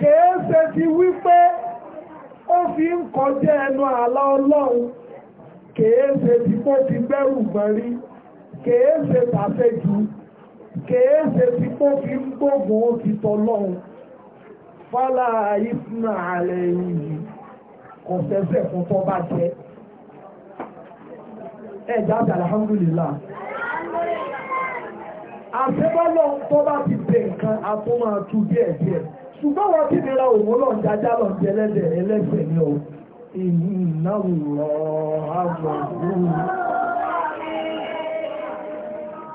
kèé ṣe ti wípé ó fi ń kọjá ẹnu àlá ọlọ́run kèé ṣe ti kó ti bẹ́rù gbọ́n rí kèé ṣe tàṣejù kèé ṣe tí kó fi ń gbógun fala ti tọ́lọ́run fálà ìfúnà ààrẹ yìí kò sẹ́sẹ̀ fún tó bá ti pè nǹkan a tó máa tú díẹ̀ nira òun lọ jájá lọ jẹ ni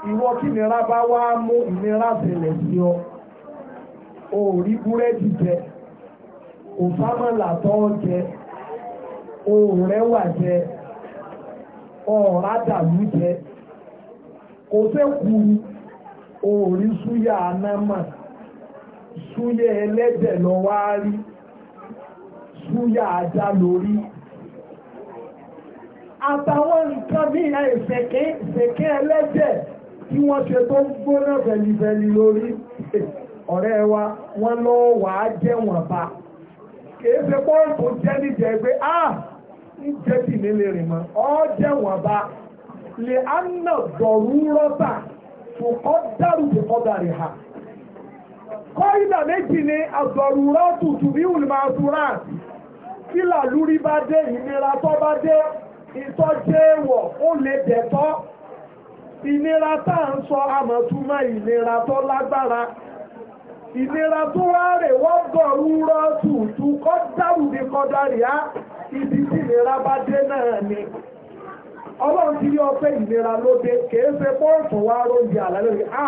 ìwọ kí nira bá wá mú ìnira ṣẹlẹ̀ sí ọ o ò rí búrẹ́dì jẹ kò sámọ́là tọ́ jẹ o ò rẹwà jẹ ọ̀rá dàlú jẹ kò sékùrú o ò rí súyà anámà súyà ẹlẹ́dẹ̀ lọ wá rí súyà ajá lórí àtàwọn nǹkan bí i ṣèké ẹlẹ́dẹ̀ tí wọ́n ṣe tó gbóná bẹ̀lìbẹ̀lì lórí ọ̀rẹ́ wa wọ́n lọ wà á jẹ́ wọn bá kìí ṣe pọ́ǹpù jẹ́ níjẹ́ pé a ah, ń jẹ́ tì mí lè rìn mọ́ ọ́ jẹ́ wọn bá lè á nà dọ̀rú rọ́bà tó kọ́ dàrú tó kọ́ dàrí ha kọ́ ìlà méjì ni àdọ̀rú rọ́tù tùbí ìwùlùmọ̀ àtúrà kí làlúrí bá dé ìnira tó bá dé ìtọ́jẹ́wọ̀ ó lè dẹ̀tọ́ ìnira tá à ń sọ àmọ̀túnmọ̀ ìnira tó lágbára ìnira tó wá rè wọ́n gọ̀rú rọ́ọ̀tù tú kọ́ dárùdí kọdárì á ibi tí ìnira bá dé náà ni ọlọ́run ti rí ọpẹ́ ìnira ló dé kèé ṣe pọ́ọ̀tù wá róúnjẹ àlálẹ́ rẹ̀ á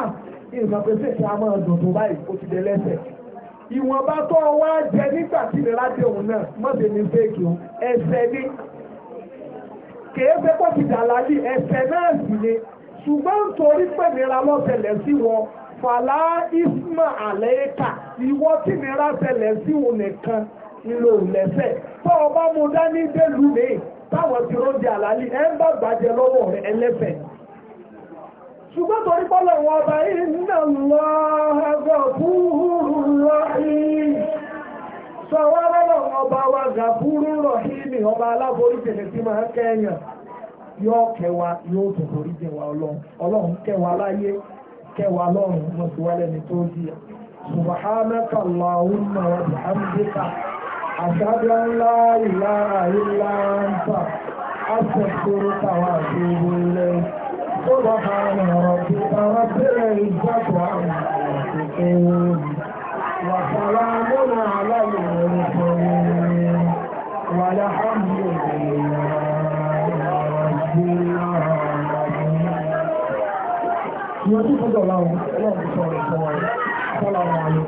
ìrìnàpẹ́ sèṣe a máa dùn tó báyìí ó ti dé lẹ́sẹ̀ ìwọ̀nba tó wá jẹ nígbà tí ìnira dé òun náà mọ̀tẹ́ ní fẹ́ẹ̀kì ẹsẹ̀ ni kèé ṣe pọ́ọ̀tù dàlálì ẹsẹ̀ náà sì ni ṣùgbọ́n torí pẹ̀lera lọ́tẹ̀lẹ̀ sí wọn fàlà isma àlẹ́ẹ̀kà ìwọ tí nira tẹ̀lẹ̀ sí wọn nìkan ìlò lẹ́sẹ̀ tó o bá mú dání délùú táwọn ti rọ́ọ̀dì àlàlí ẹ̀ ń bá gbàjẹ lọ́wọ́ ṣùgbọ́n torí pọ́lọ̀ wọn ọba lọ ọba wa ni ọba aláborí yóò kẹwa yóò tòkò rí jẹwa ọlọ́run ọlọ́run kẹwa láyé kẹwa lọ́run wọn sì wá lẹ́ni tó di ẹ̀ subhanaka allahumma wa bihamdika ashhadu an la ilaha illa anta astaghfiruka wa atubu ilayk ìyọjú fún dọ̀la wọn ọlọ́run sọ ọ̀rọ̀ sọ ọ̀rọ̀ sọ́la wọn ayé.